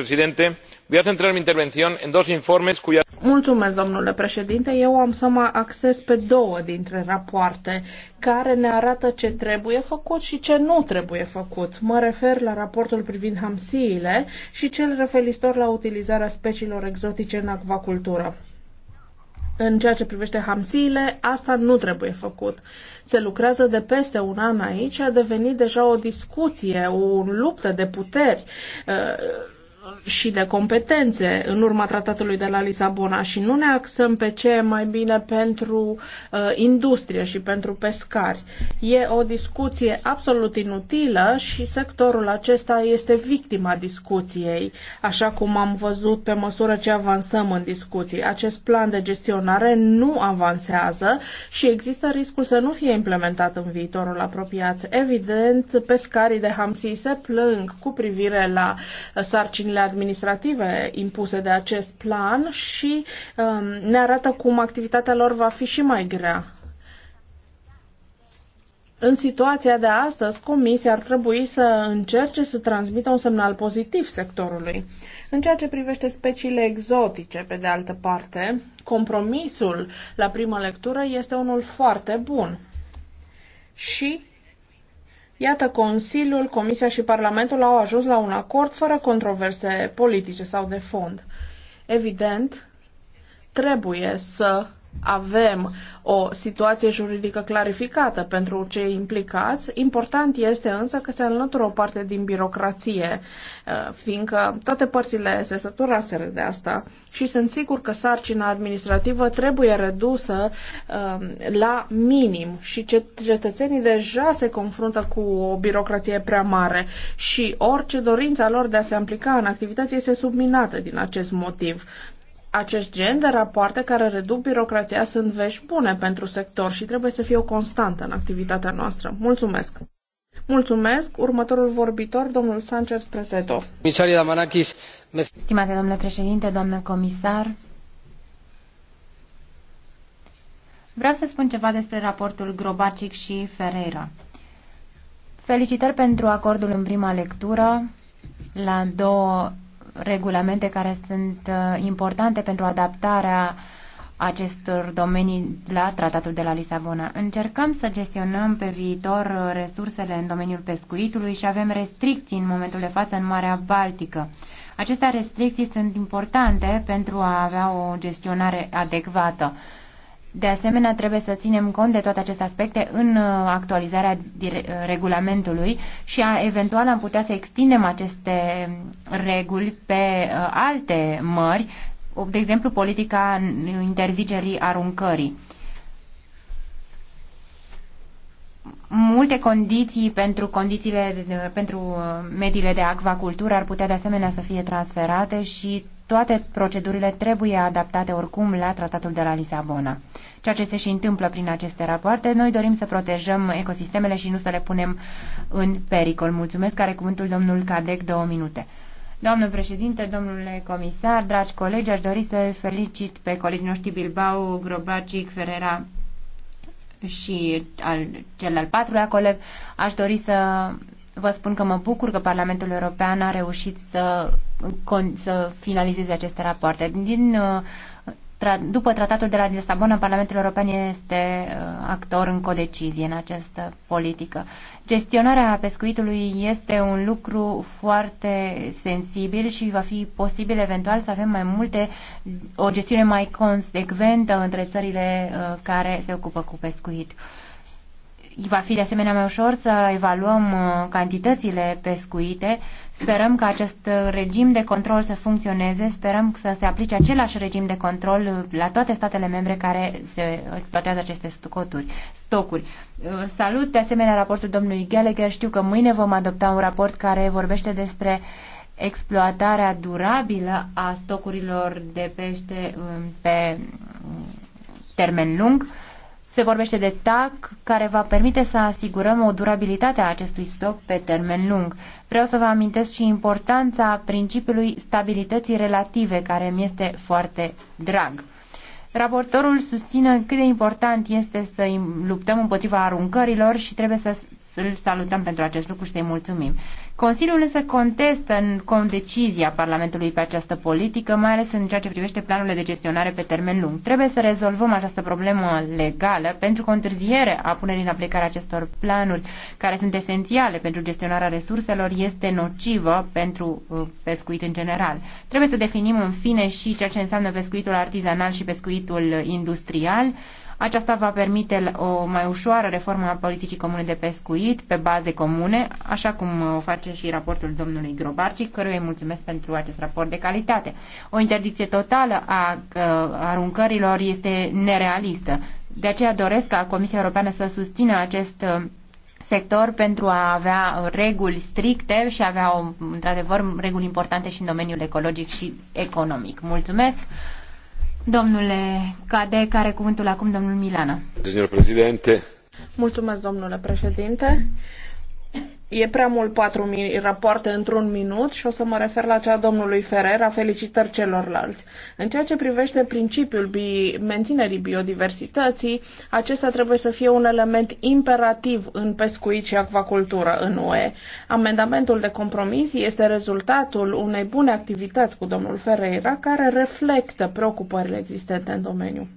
Speaker 4: președinte. Eu am să mă acces pe două dintre rapoarte care ne arată ce trebuie făcut și ce nu trebuie făcut. Mă refer la raportul privind hamsiile și cel referitor la utilizarea speciilor exotice în acvacultură. În ceea ce privește hamsiile, asta nu trebuie făcut. Se lucrează de peste un an aici, a devenit deja o discuție, o luptă de puteri. Uh, și de competențe în urma tratatului de la Lisabona și nu ne axăm pe ce e mai bine pentru uh, industrie și pentru pescari. E o discuție absolut inutilă și sectorul acesta este victima discuției, așa cum am văzut pe măsură ce avansăm în discuții. Acest plan de gestionare nu avansează și există riscul să nu fie implementat în viitorul apropiat. Evident, pescarii de Hamsi se plâng cu privire la uh, sarcinile sarcinile administrative impuse de acest plan și um, ne arată cum activitatea lor va fi și mai grea. În situația de astăzi, Comisia ar trebui să încerce să transmită un semnal pozitiv sectorului. În ceea ce privește speciile exotice, pe de altă parte, compromisul la prima lectură este unul foarte bun. Și Iată, Consiliul, Comisia și Parlamentul au ajuns la un acord fără controverse politice sau de fond. Evident, trebuie să avem o situație juridică clarificată pentru cei implicați. Important este însă că se înlătură o parte din birocrație, uh, fiindcă toate părțile se săturaseră de asta și sunt sigur că sarcina administrativă trebuie redusă um, la minim și cetățenii deja se confruntă cu o birocrație prea mare și orice dorința lor de a se implica în activitate este subminată din acest motiv acest gen de rapoarte care reduc birocrația sunt vești bune pentru sector și trebuie să fie o constantă în activitatea noastră. Mulțumesc! Mulțumesc. Următorul vorbitor, domnul Sanchez Preseto.
Speaker 3: Stimate domnule președinte, doamnă comisar, vreau să spun ceva despre raportul Grobacic și Ferreira. Felicitări pentru acordul în prima lectură la două regulamente care sunt uh, importante pentru adaptarea acestor domenii la Tratatul de la Lisabona. Încercăm să gestionăm pe viitor uh, resursele în domeniul pescuitului și avem restricții în momentul de față în Marea Baltică. Aceste restricții sunt importante pentru a avea o gestionare adecvată. De asemenea, trebuie să ținem cont de toate aceste aspecte în uh, actualizarea uh, regulamentului și a, eventual am putea să extindem aceste reguli pe uh, alte mări, de exemplu politica interzicerii aruncării. Multe condiții pentru, condițiile, pentru mediile de acvacultură ar putea de asemenea să fie transferate și toate procedurile trebuie adaptate oricum la tratatul de la Lisabona ceea ce se și întâmplă prin aceste rapoarte. Noi dorim să protejăm ecosistemele și nu să le punem în pericol. Mulțumesc, care cuvântul domnul Cadec, două minute. Domnul președinte, domnule comisar, dragi colegi, aș dori să felicit pe colegii noștri Bilbao, Grobacic, Ferrera și al, cel al patrulea coleg. Aș dori să vă spun că mă bucur că Parlamentul European a reușit să, să finalizeze aceste rapoarte. Din uh, tra- după tratatul de la Lisabona, Parlamentul European este uh, actor în codecizie în această politică. Gestionarea pescuitului este un lucru foarte sensibil și va fi posibil eventual să avem mai multe, o gestiune mai consecventă între țările uh, care se ocupă cu pescuit. Va fi de asemenea mai ușor să evaluăm uh, cantitățile pescuite Sperăm că acest uh, regim de control să funcționeze, sperăm să se aplice același regim de control uh, la toate statele membre care se uh, exploatează aceste stocuri. stocuri. Salut de asemenea raportul domnului Gallagher. Știu că mâine vom adopta un raport care vorbește despre exploatarea durabilă a stocurilor de pește um, pe um, termen lung se vorbește de TAC, care va permite să asigurăm o durabilitate a acestui stoc pe termen lung. Vreau să vă amintesc și importanța principiului stabilității relative, care mi este foarte drag. Raportorul susține cât de important este să luptăm împotriva aruncărilor și trebuie să îl salutăm pentru acest lucru și să-i mulțumim. Consiliul însă contestă în condecizia Parlamentului pe această politică, mai ales în ceea ce privește planurile de gestionare pe termen lung. Trebuie să rezolvăm această problemă legală pentru că o întârziere a punerii în aplicare acestor planuri, care sunt esențiale pentru gestionarea resurselor, este nocivă pentru uh, pescuit în general. Trebuie să definim în fine și ceea ce înseamnă pescuitul artizanal și pescuitul industrial, aceasta va permite o mai ușoară reformă a politicii comune de pescuit pe baze comune, așa cum o face și raportul domnului Grobarci, căruia îi mulțumesc pentru acest raport de calitate. O interdicție totală a aruncărilor este nerealistă. De aceea doresc ca Comisia Europeană să susțină acest uh, sector pentru a avea reguli stricte și a avea, într-adevăr, reguli importante și în domeniul ecologic și economic. Mulțumesc! Domnule Cade, care cuvântul acum domnul Milana.
Speaker 6: președinte.
Speaker 3: Mulțumesc, domnule președinte.
Speaker 4: E prea mult patru rapoarte într-un minut și o să mă refer la cea a domnului a felicitări celorlalți. În ceea ce privește principiul bi- menținerii biodiversității, acesta trebuie să fie un element imperativ în pescuit și acvacultură în UE. Amendamentul de compromis este rezultatul unei bune activități cu domnul Ferreira, care reflectă preocupările existente în domeniu.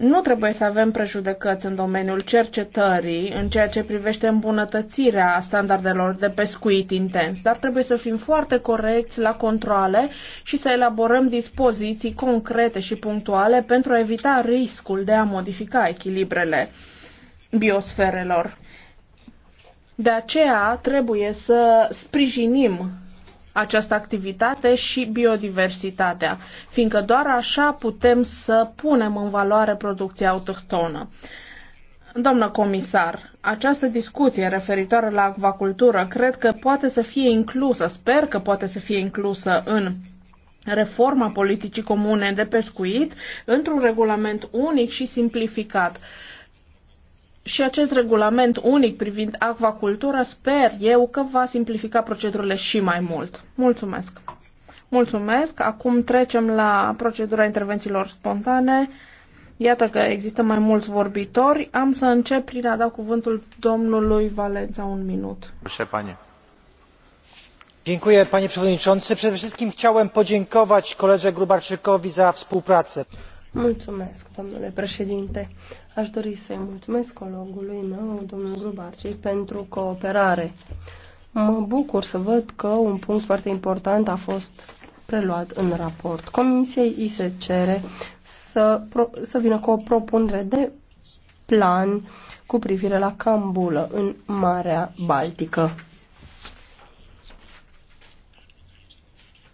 Speaker 4: Nu trebuie să avem prejudecăți în domeniul cercetării, în ceea ce privește îmbunătățirea standardelor de pescuit intens, dar trebuie să fim foarte corecți la controle și să elaborăm dispoziții concrete și punctuale pentru a evita riscul de a modifica echilibrele biosferelor. De aceea trebuie să sprijinim această activitate și biodiversitatea, fiindcă doar așa putem să punem în valoare producția autohtonă. Doamnă comisar, această discuție referitoare la acvacultură cred că poate să fie inclusă, sper că poate să fie inclusă în reforma politicii comune de pescuit într-un regulament unic și simplificat și acest regulament unic privind acvacultura sper eu că va simplifica procedurile și mai mult. Mulțumesc! Mulțumesc! Acum trecem la procedura intervențiilor spontane. Iată că există mai mulți vorbitori. Am să încep prin a da cuvântul domnului Valența un minut.
Speaker 3: Șepanie. Dziękuję panie przewodniczący. Przede wszystkim chciałem podziękować koledze Grubarczykowi za współpracę.
Speaker 4: Mulțumesc,
Speaker 1: domnule președinte. Aș dori să-i mulțumesc colegului meu, domnul Grubarci, pentru cooperare. Mă bucur să văd că un punct foarte important a fost preluat în raport. Comisiei îi se cere să, pro, să vină cu o propunere de plan cu privire la Cambulă în Marea Baltică.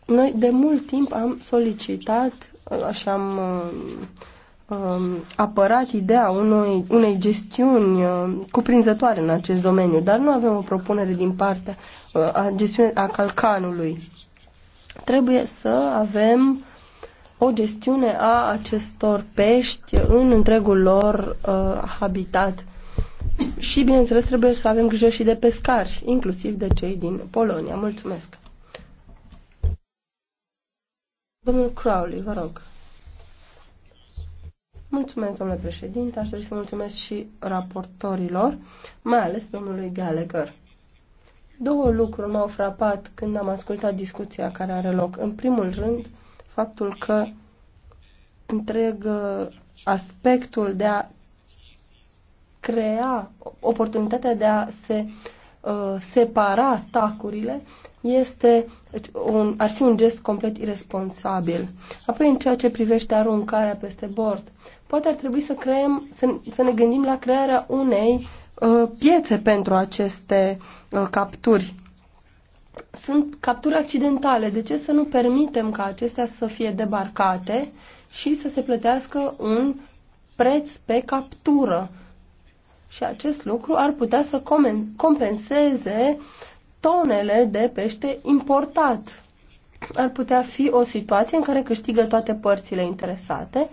Speaker 1: Noi de mult timp am solicitat așa am uh, Um, apărat ideea unui, unei gestiuni um, cuprinzătoare în acest domeniu, dar nu avem o propunere din partea uh, a gestiunii a calcanului. Trebuie să avem o gestiune a acestor pești în întregul lor uh, habitat. Și, bineînțeles, trebuie să avem grijă și de pescari, inclusiv de cei din Polonia. Mulțumesc! Domnul Crowley, vă rog. Mulțumesc, domnule președinte, aș dori să mulțumesc și raportorilor, mai ales domnului Gallagher. Două lucruri m-au frapat când am ascultat discuția care are loc. În primul rând, faptul că întreg uh, aspectul de a crea oportunitatea de a se uh, separa tacurile este deci, un, ar fi un gest complet irresponsabil. Apoi, în ceea ce privește aruncarea peste bord, Poate ar trebui să, creăm, să, să ne gândim la crearea unei uh, piețe pentru aceste uh, capturi. Sunt capturi accidentale. De ce să nu permitem ca acestea să fie debarcate și să se plătească un preț pe captură? Și acest lucru ar putea să compenseze tonele de pește importat ar putea fi o situație în care câștigă toate părțile interesate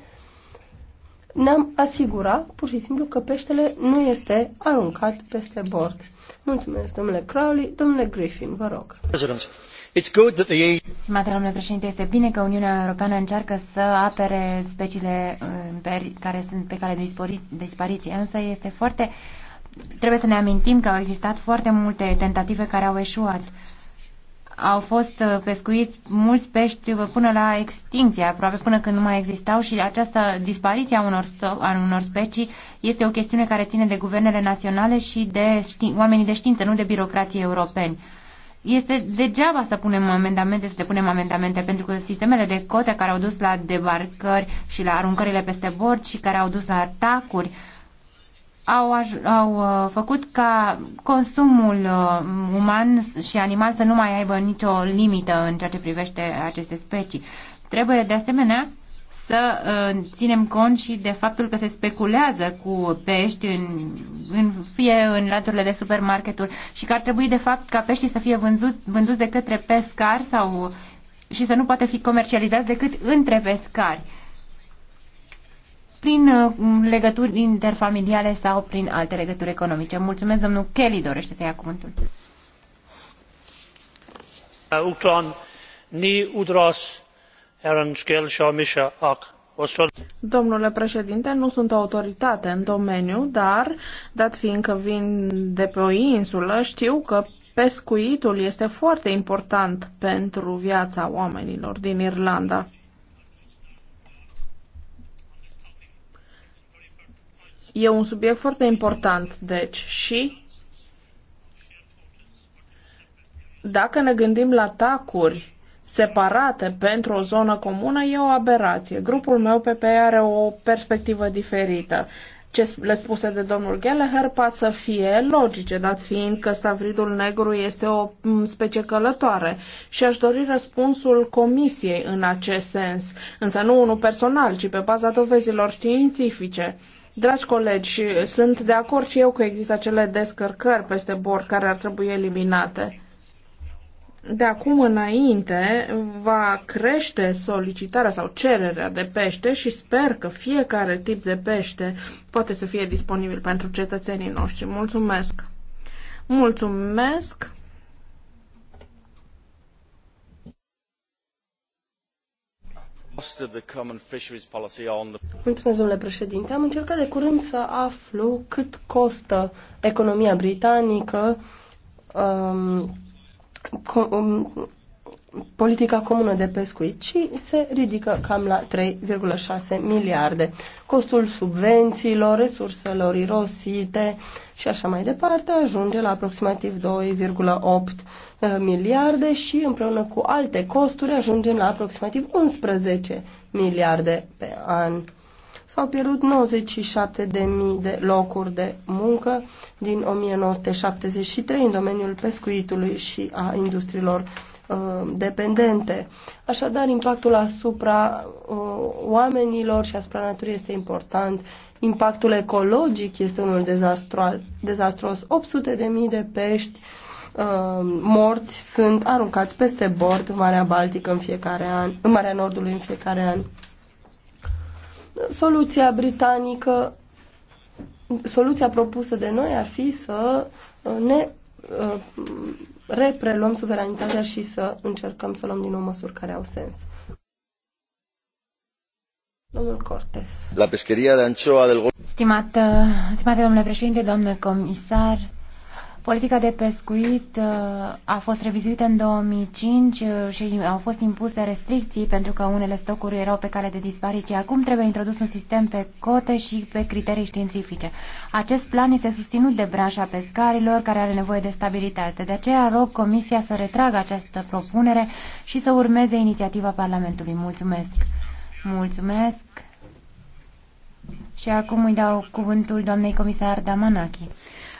Speaker 1: ne-am asigura pur și simplu că peștele nu este aruncat peste
Speaker 3: bord. Mulțumesc, domnule Crowley. Domnule Griffin, vă rog. Stimate domnule președinte, este bine că Uniunea Europeană încearcă să apere speciile uh, care sunt pe cale de dispariție, însă este foarte... Trebuie să ne amintim că au existat foarte multe tentative care au eșuat au fost uh, pescuiți mulți pești uh, până la extinție, aproape până când nu mai existau și această dispariție a unor, a unor specii este o chestiune care ține de guvernele naționale și de ști, oamenii de știință, nu de birocrații europeni. Este degeaba să punem amendamente, să depunem amendamente, pentru că sistemele de cote care au dus la debarcări și la aruncările peste bord și care au dus la atacuri uh, au, au uh, făcut ca consumul uh, uman și animal să nu mai aibă nicio limită în ceea ce privește aceste specii. Trebuie de asemenea să uh, ținem cont și de faptul că se speculează cu pești în, în, fie în lanțurile de supermarketuri și că ar trebui de fapt ca peștii să fie vânzut, vânduți de către pescari sau și să nu poată fi comercializați decât între pescari prin uh, um, legături interfamiliale sau prin alte legături economice. Mulțumesc, domnul Kelly dorește să ia cuvântul. Uh, Domnule
Speaker 4: președinte, nu sunt autoritate în domeniu, dar, dat fiind că vin de pe o insulă, știu că pescuitul este foarte important pentru viața oamenilor din Irlanda. E un subiect foarte important, deci, și dacă ne gândim la tacuri separate pentru o zonă comună, e o aberație. Grupul meu PP are o perspectivă diferită. Ce le spuse de domnul Gelleher poate să fie logice, dat fiind că stavridul negru este o specie călătoare și aș dori răspunsul comisiei în acest sens, însă nu unul personal, ci pe baza dovezilor științifice. Dragi colegi, sunt de acord și eu că există acele descărcări peste bord care ar trebui eliminate. De acum înainte va crește solicitarea sau cererea de pește și sper că fiecare tip de pește poate să fie disponibil pentru cetățenii noștri. Mulțumesc! Mulțumesc!
Speaker 1: domnule președinte. Am încercat de curând să aflu cât costă economia britanică um, co um, politica comună de pescuit și se ridică cam la 3,6 miliarde. Costul subvențiilor, resurselor irosite, și așa mai departe, ajunge la aproximativ 2,8 eh, miliarde și împreună cu alte costuri ajungem la aproximativ 11 miliarde pe an. S-au pierdut 97.000 de locuri de muncă din 1973 în domeniul pescuitului și a industriilor eh, dependente. Așadar, impactul asupra uh, oamenilor și asupra naturii este important Impactul ecologic este unul dezastros. 800 de mii de pești uh, morți sunt aruncați peste bord în Marea Baltică în fiecare an, în Marea Nordului în fiecare an. Soluția britanică, soluția propusă de noi ar fi să uh, ne uh, repreluăm suveranitatea și să încercăm să luăm din nou
Speaker 3: măsuri care au sens. Cortes.
Speaker 1: La
Speaker 6: de anchoa del...
Speaker 3: Stimată, stimate domnule președinte, domnule comisar, Politica de pescuit uh, a fost revizuită în 2005 uh, și au fost impuse restricții pentru că unele stocuri erau pe cale de dispariție. Acum trebuie introdus un sistem pe cote și pe criterii științifice. Acest plan este susținut de branșa pescarilor care are nevoie de stabilitate. De aceea rog Comisia să retragă această propunere și să urmeze inițiativa Parlamentului. Mulțumesc! Mulțumesc. Și acum îi dau cuvântul doamnei comisar Damanaki.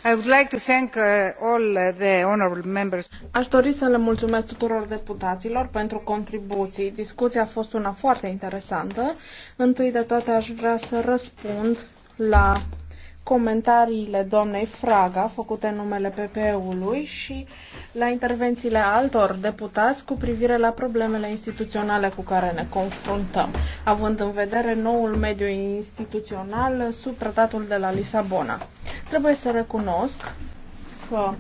Speaker 5: I would like to thank
Speaker 4: uh, all the honorable members. Aș dori să le mulțumesc tuturor deputaților pentru contribuții. Discuția a fost una foarte interesantă. Întâi de toate aș vrea să răspund la comentariile doamnei Fraga, făcute în numele pp ului și la intervențiile altor deputați cu privire la problemele instituționale cu care ne confruntăm, având în vedere noul mediu instituțional sub tratatul de la Lisabona. Trebuie să recunosc că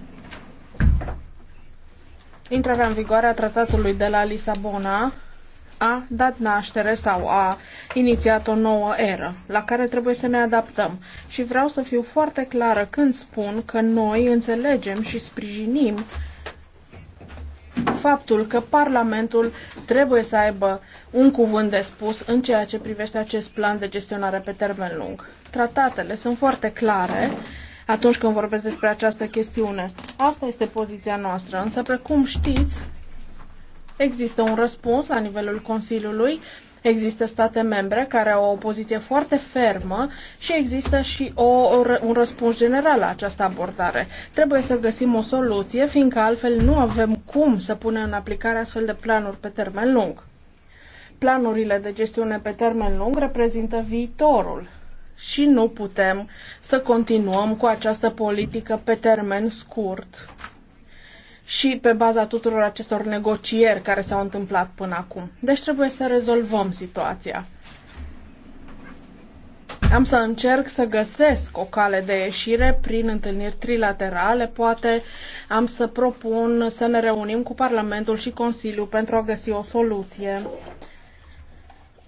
Speaker 4: intrarea în vigoare a tratatului de la Lisabona a dat naștere sau a inițiat o nouă eră la care trebuie să ne adaptăm. Și vreau să fiu foarte clară când spun că noi înțelegem și sprijinim faptul că Parlamentul trebuie să aibă un cuvânt de spus în ceea ce privește acest plan de gestionare pe termen lung. Tratatele sunt foarte clare atunci când vorbesc despre această chestiune. Asta este poziția noastră, însă precum știți, Există un răspuns la nivelul Consiliului, există state membre care au o poziție foarte fermă și există și o, un răspuns general la această abordare. Trebuie să găsim o soluție, fiindcă altfel nu avem cum să punem în aplicare astfel de planuri pe termen lung. Planurile de gestiune pe termen lung reprezintă viitorul și nu putem să continuăm cu această politică pe termen scurt și pe baza tuturor acestor negocieri care s-au întâmplat până acum. Deci trebuie să rezolvăm situația. Am să încerc să găsesc o cale de ieșire prin întâlniri trilaterale. Poate am să propun să ne reunim cu Parlamentul și Consiliul pentru a găsi o soluție,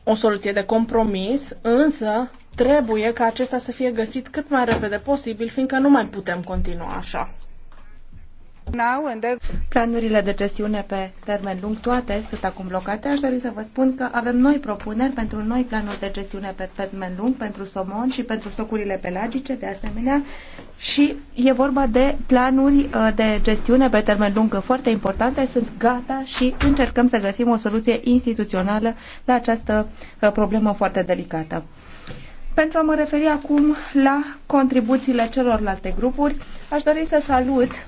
Speaker 4: o soluție de compromis, însă trebuie ca acesta să fie găsit cât mai repede posibil, fiindcă nu mai putem continua așa.
Speaker 5: Planurile de gestiune pe termen lung toate sunt acum blocate. Aș dori să vă spun că avem noi propuneri pentru noi planuri de gestiune pe termen lung pentru somon și pentru stocurile pelagice de asemenea și e vorba de planuri uh, de gestiune pe termen lung foarte importante. Sunt gata și încercăm să găsim o soluție instituțională la această uh, problemă foarte delicată. Pentru a mă referi acum la contribuțiile celorlalte grupuri, aș dori să salut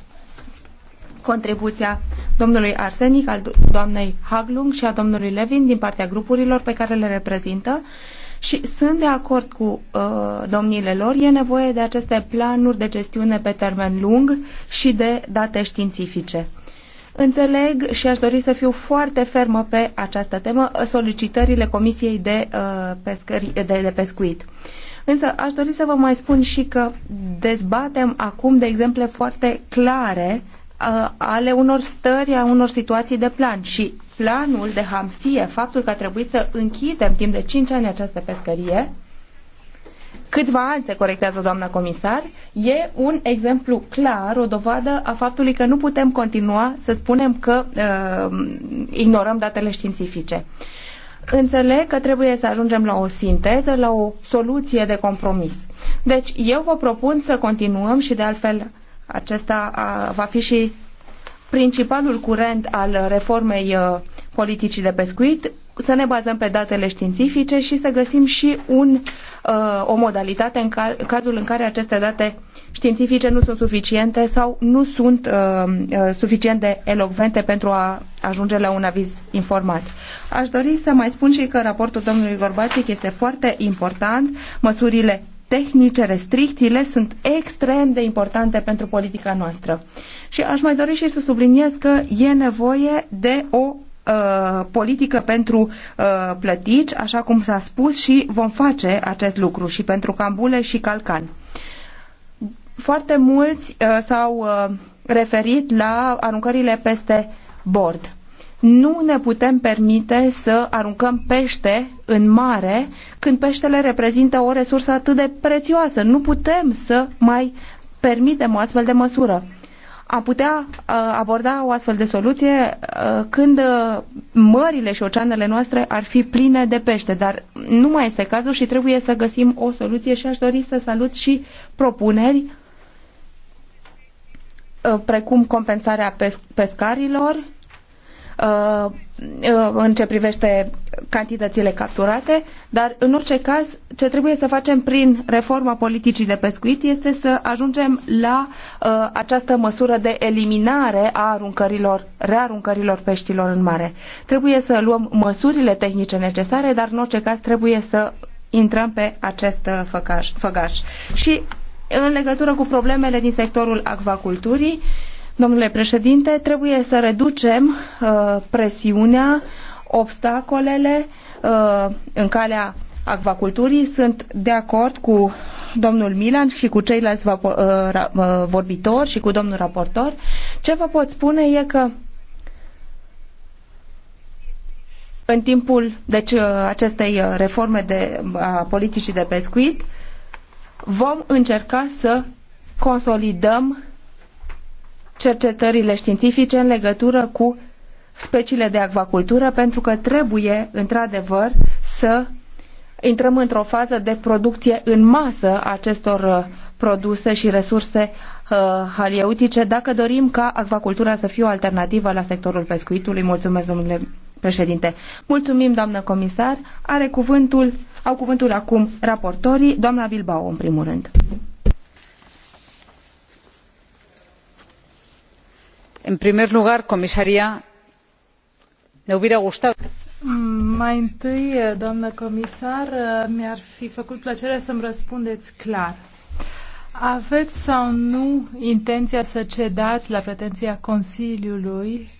Speaker 5: contribuția domnului Arsenic, al doamnei Haglung și a domnului Levin din partea grupurilor pe care le reprezintă și sunt de acord cu uh, domniile lor. E nevoie de aceste planuri de gestiune pe termen lung și de date științifice. Înțeleg și aș dori să fiu foarte fermă pe această temă uh, solicitările Comisiei de, uh, pescări, de, de pescuit. Însă aș dori să vă mai spun și că dezbatem acum de exemple foarte clare ale unor stări, a unor situații de plan. Și planul de Hamsie, faptul că a trebuit să închidem timp de 5 ani această pescărie, câțiva ani se corectează doamna comisar, e un exemplu clar, o dovadă a faptului că nu putem continua să spunem că uh, ignorăm datele științifice. Înțeleg că trebuie să ajungem la o sinteză, la o soluție de compromis. Deci eu vă propun să continuăm și de altfel acesta va fi și principalul curent al reformei uh, politicii de pescuit, să ne bazăm pe datele științifice și să găsim și un, uh, o modalitate în cazul în care aceste date științifice nu sunt suficiente sau nu sunt uh, suficient de elocvente pentru a ajunge la un aviz informat. Aș dori să mai spun și că raportul domnului Gorbațic este foarte important. Măsurile tehnice, restricțiile sunt extrem de importante pentru politica noastră. Și aș mai dori și să subliniez că e nevoie de o uh, politică pentru uh, plătici, așa cum s-a spus și vom face acest lucru și pentru Cambule și Calcan. Foarte mulți uh, s-au uh, referit la aruncările peste bord. Nu ne putem permite să aruncăm pește în mare când peștele reprezintă o resursă atât de prețioasă. Nu putem să mai permitem o astfel de măsură am putea uh, aborda o astfel de soluție uh, când uh, mările și oceanele noastre ar fi pline de pește, dar nu mai este cazul și trebuie să găsim o soluție și aș dori să salut și propuneri precum compensarea pescarilor Uh, uh, în ce privește cantitățile capturate, dar în orice caz ce trebuie să facem prin reforma politicii de pescuit este să ajungem la uh, această măsură de eliminare a aruncărilor, rearuncărilor peștilor în mare. Trebuie să luăm măsurile tehnice necesare, dar în orice caz trebuie să intrăm pe acest uh, făcaș, făgaș. Și în legătură cu problemele din sectorul acvaculturii, uh, Domnule președinte, trebuie să reducem uh, presiunea, obstacolele uh, în calea acvaculturii. Sunt de acord cu domnul Milan și cu ceilalți uh, uh, vorbitori și cu domnul raportor. Ce vă pot spune e că în timpul deci, uh, acestei reforme de, a politicii de pescuit vom încerca să consolidăm cercetările științifice în legătură cu speciile de acvacultură pentru că trebuie, într-adevăr, să intrăm într-o fază de producție în masă a acestor uh, produse și resurse uh, halieutice dacă dorim ca acvacultura să fie o alternativă la sectorul pescuitului. Mulțumesc, domnule președinte. Mulțumim, doamnă comisar. Are cuvântul, au cuvântul acum raportorii, doamna Bilbao, în primul rând. în primul lugar comisaria ne hubiera gustado.
Speaker 6: Mai întâi, doamnă comisar, mi-ar fi făcut plăcere să-mi răspundeți clar. Aveți sau nu intenția să cedați la pretenția Consiliului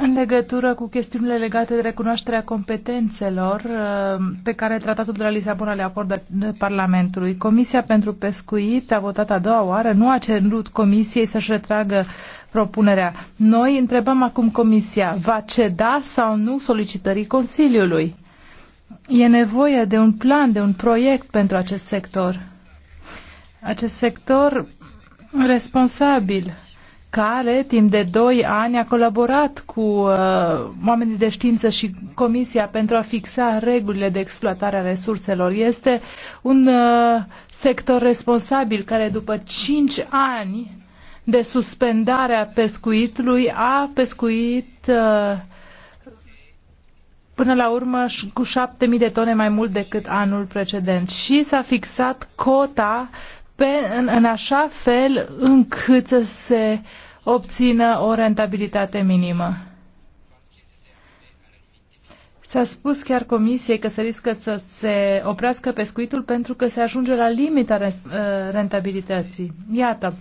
Speaker 6: în legătură cu chestiunile legate de recunoașterea competențelor uh, pe care Tratatul de la Lisabona le acordă Parlamentului, Comisia pentru Pescuit a votat a doua oară, nu a cerut Comisiei să-și retragă propunerea. Noi întrebăm acum Comisia, va ceda sau nu solicitării Consiliului? E nevoie de un plan, de un proiect pentru acest sector. Acest sector responsabil care timp de 2 ani a colaborat cu uh, oamenii de știință și Comisia pentru a fixa regulile de exploatare a resurselor. Este un uh, sector responsabil care după 5 ani de suspendare a pescuitului a pescuit uh, până la urmă cu 7.000 de tone mai mult decât anul precedent și s-a fixat cota uh, pe, în, în așa fel încât să se obțină o rentabilitate minimă. S-a spus chiar comisiei că se riscă să se oprească pescuitul pentru că se ajunge la limita uh, rentabilității. Iată,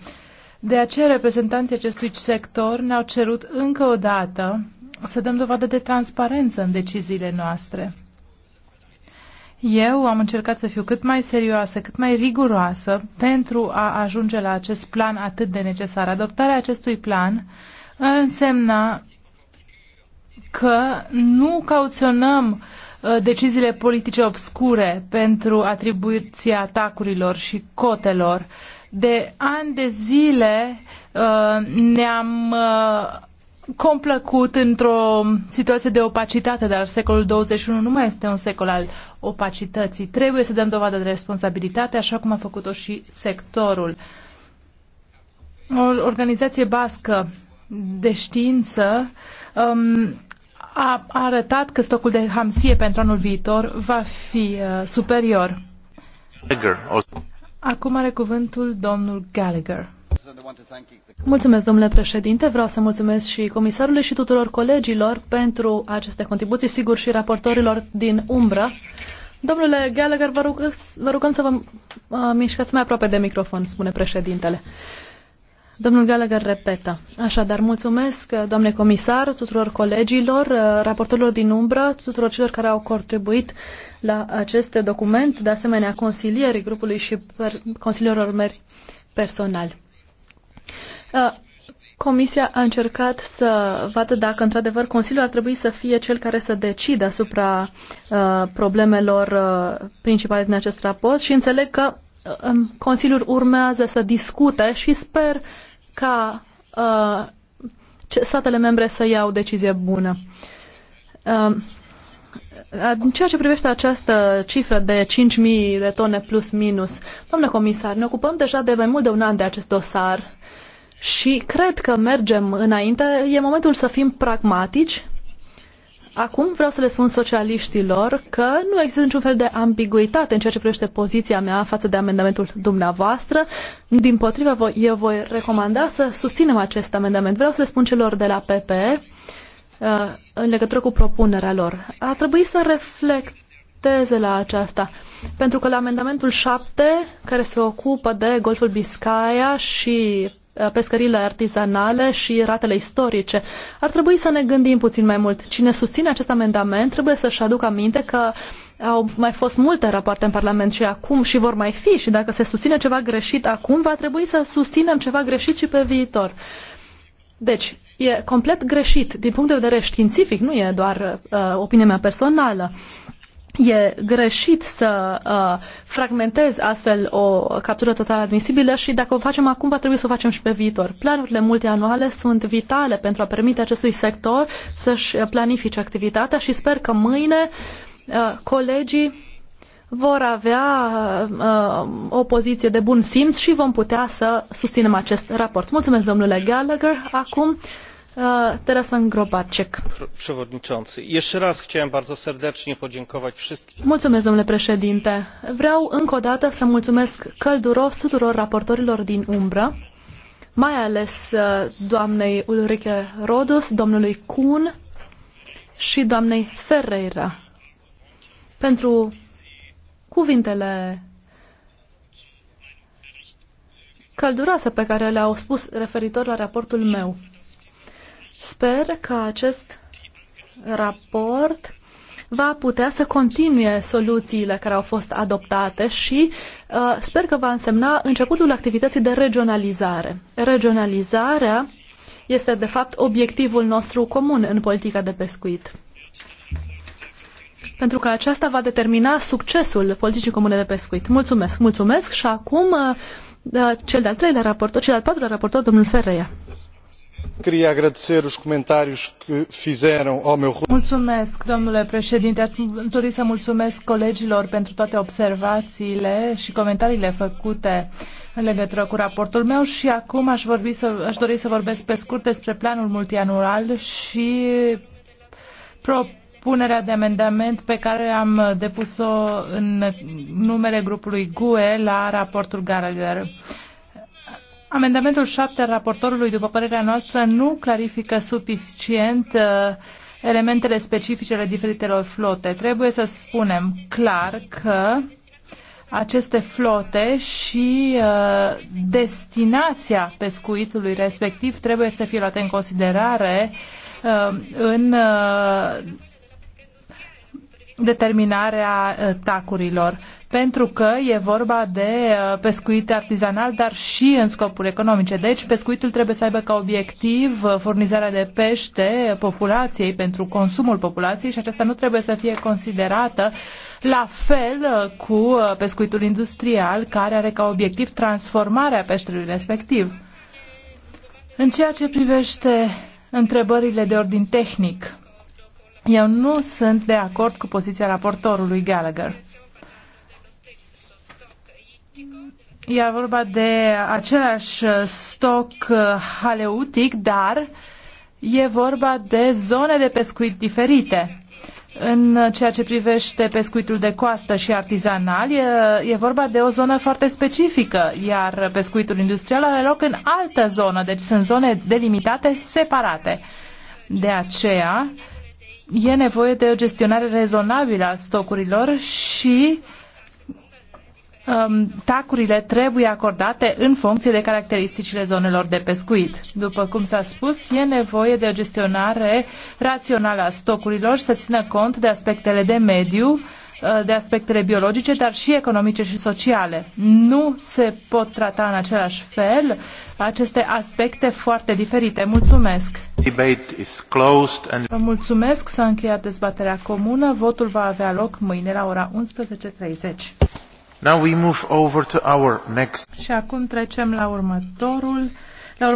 Speaker 6: de aceea reprezentanții acestui sector ne-au cerut încă o dată să dăm dovadă de transparență în deciziile noastre. Eu am încercat să fiu cât mai serioasă, cât mai riguroasă pentru a ajunge la acest plan atât de necesar. Adoptarea acestui plan însemna că nu cauționăm uh, deciziile politice obscure pentru atribuția atacurilor și cotelor. De ani de zile uh, ne-am uh, complăcut într-o situație de opacitate, dar secolul 21 nu mai este un secol al opacității. Trebuie să dăm dovadă de responsabilitate, așa cum a făcut-o și sectorul. O organizație bască de știință um, a arătat că stocul de hamsie pentru anul viitor va
Speaker 2: fi uh, superior. Acum are cuvântul domnul Gallagher. Mulțumesc, domnule președinte. Vreau să mulțumesc și comisarului și tuturor colegilor pentru aceste contribuții, sigur și raportorilor din umbră. Domnule Gallagher, vă, rug, vă rugăm să vă uh, mișcați mai aproape de microfon, spune președintele. Domnul Gallagher repetă. Așadar, mulțumesc, uh, doamne comisar, tuturor colegilor, uh, raportorilor din umbră, tuturor celor care au contribuit la acest document, de asemenea consilierii grupului și per, consilierilor meri personali. Uh, Comisia a încercat să vadă dacă, într-adevăr, Consiliul ar trebui să fie cel care să decide asupra uh, problemelor uh, principale din acest raport și înțeleg că uh, um, Consiliul urmează să discute și sper ca uh, statele membre să iau o decizie bună. Uh, în ceea ce privește această cifră de 5.000 de tone plus minus, doamnă comisar, ne ocupăm deja de mai mult de un an de acest dosar și cred că mergem înainte. E momentul să fim pragmatici. Acum vreau să le spun socialiștilor că nu există niciun fel de ambiguitate în ceea ce privește poziția mea față de amendamentul dumneavoastră. Din potrivă, eu voi recomanda să susținem acest amendament. Vreau să le spun celor de la PP uh, în legătură cu propunerea lor. Ar trebui să reflecteze la aceasta. Pentru că la amendamentul 7, care se ocupă de Golful Biscaya și Uh, pescările artizanale și ratele istorice. Ar trebui să ne gândim puțin mai mult. Cine susține acest amendament trebuie să-și aducă aminte că au mai fost multe rapoarte în Parlament și acum și vor mai fi și dacă se susține ceva greșit acum, va trebui să susținem ceva greșit și pe viitor. Deci, e complet greșit din punct de vedere științific, nu e doar uh, opinia mea personală. Uh, e greșit să uh, fragmentezi astfel o captură total admisibilă și dacă o facem acum, va trebui să o facem și pe viitor. Planurile multianuale sunt vitale pentru a permite acestui sector să-și planifice activitatea și sper că mâine uh, colegii vor avea uh, o poziție de bun simț și vom putea să susținem acest raport. Mulțumesc, domnule Gallagher. Acum Teraz pan Grobarczyk.
Speaker 3: Przewodniczący, jeszcze raz chciałem bardzo serdecznie podziękować wszystkim.
Speaker 2: Mulțumesc, domnule președinte. Vreau încă o dată să mulțumesc călduros tuturor raportorilor din umbră, mai ales doamnei Ulrike Rodus, domnului Kuhn și doamnei Ferreira, pentru cuvintele călduroase pe care le-au spus referitor la raportul meu. Sper că acest raport va putea să continue soluțiile care au fost adoptate și uh, sper că va însemna începutul activității de regionalizare. Regionalizarea este, de fapt, obiectivul nostru comun în politica de pescuit. Pentru că aceasta va determina succesul politicii comune de pescuit. Mulțumesc, mulțumesc și acum uh, uh cel de-al treilea raportor, cel de-al patrulea raportor, domnul Ferreia.
Speaker 5: Queria agradecer os comentários que fizeram ao meu...
Speaker 6: Mulțumesc, domnule președinte. Aș dori să mulțumesc colegilor pentru toate observațiile și comentariile făcute în legătură cu raportul meu și acum aș, vorbi să, aș dori să vorbesc pe scurt despre planul multianual și propunerea de amendament pe care am depus-o în numele grupului GUE la raportul Gallagher. Amendamentul 7 al raportorului, după părerea noastră, nu clarifică suficient uh, elementele specifice ale diferitelor flote. Trebuie să spunem clar că aceste flote și uh, destinația pescuitului respectiv trebuie să fie luate în considerare uh, în uh, determinarea eh, tacurilor, pentru că e vorba de eh, pescuit artizanal, dar și în scopuri economice. Deci, pescuitul trebuie să aibă ca obiectiv eh, furnizarea de pește populației pentru consumul populației și aceasta nu trebuie să fie considerată la fel cu pescuitul industrial, care are ca obiectiv transformarea peștelui respectiv. În ceea ce privește întrebările de ordin tehnic, eu nu sunt de acord cu poziția raportorului Gallagher. E vorba de același stoc haleutic, dar e vorba de zone de pescuit diferite. În ceea ce privește pescuitul de coastă și artizanal, e, e vorba de o zonă foarte specifică, iar pescuitul industrial are loc în altă zonă, deci sunt zone delimitate separate. De aceea, uh, e nevoie de o gestionare rezonabilă a stocurilor și um, tacurile trebuie acordate în funcție de caracteristicile zonelor de pescuit. După cum s-a spus, e nevoie de o gestionare rațională a stocurilor, să țină cont de aspectele de mediu, uh, de aspectele biologice, dar și economice și sociale. Nu se pot trata în același fel aceste aspecte foarte diferite. Mulțumesc! Vă mulțumesc, s-a încheiat dezbaterea comună. Votul va avea loc mâine la ora 11.30. Și acum trecem la următorul. La urmă...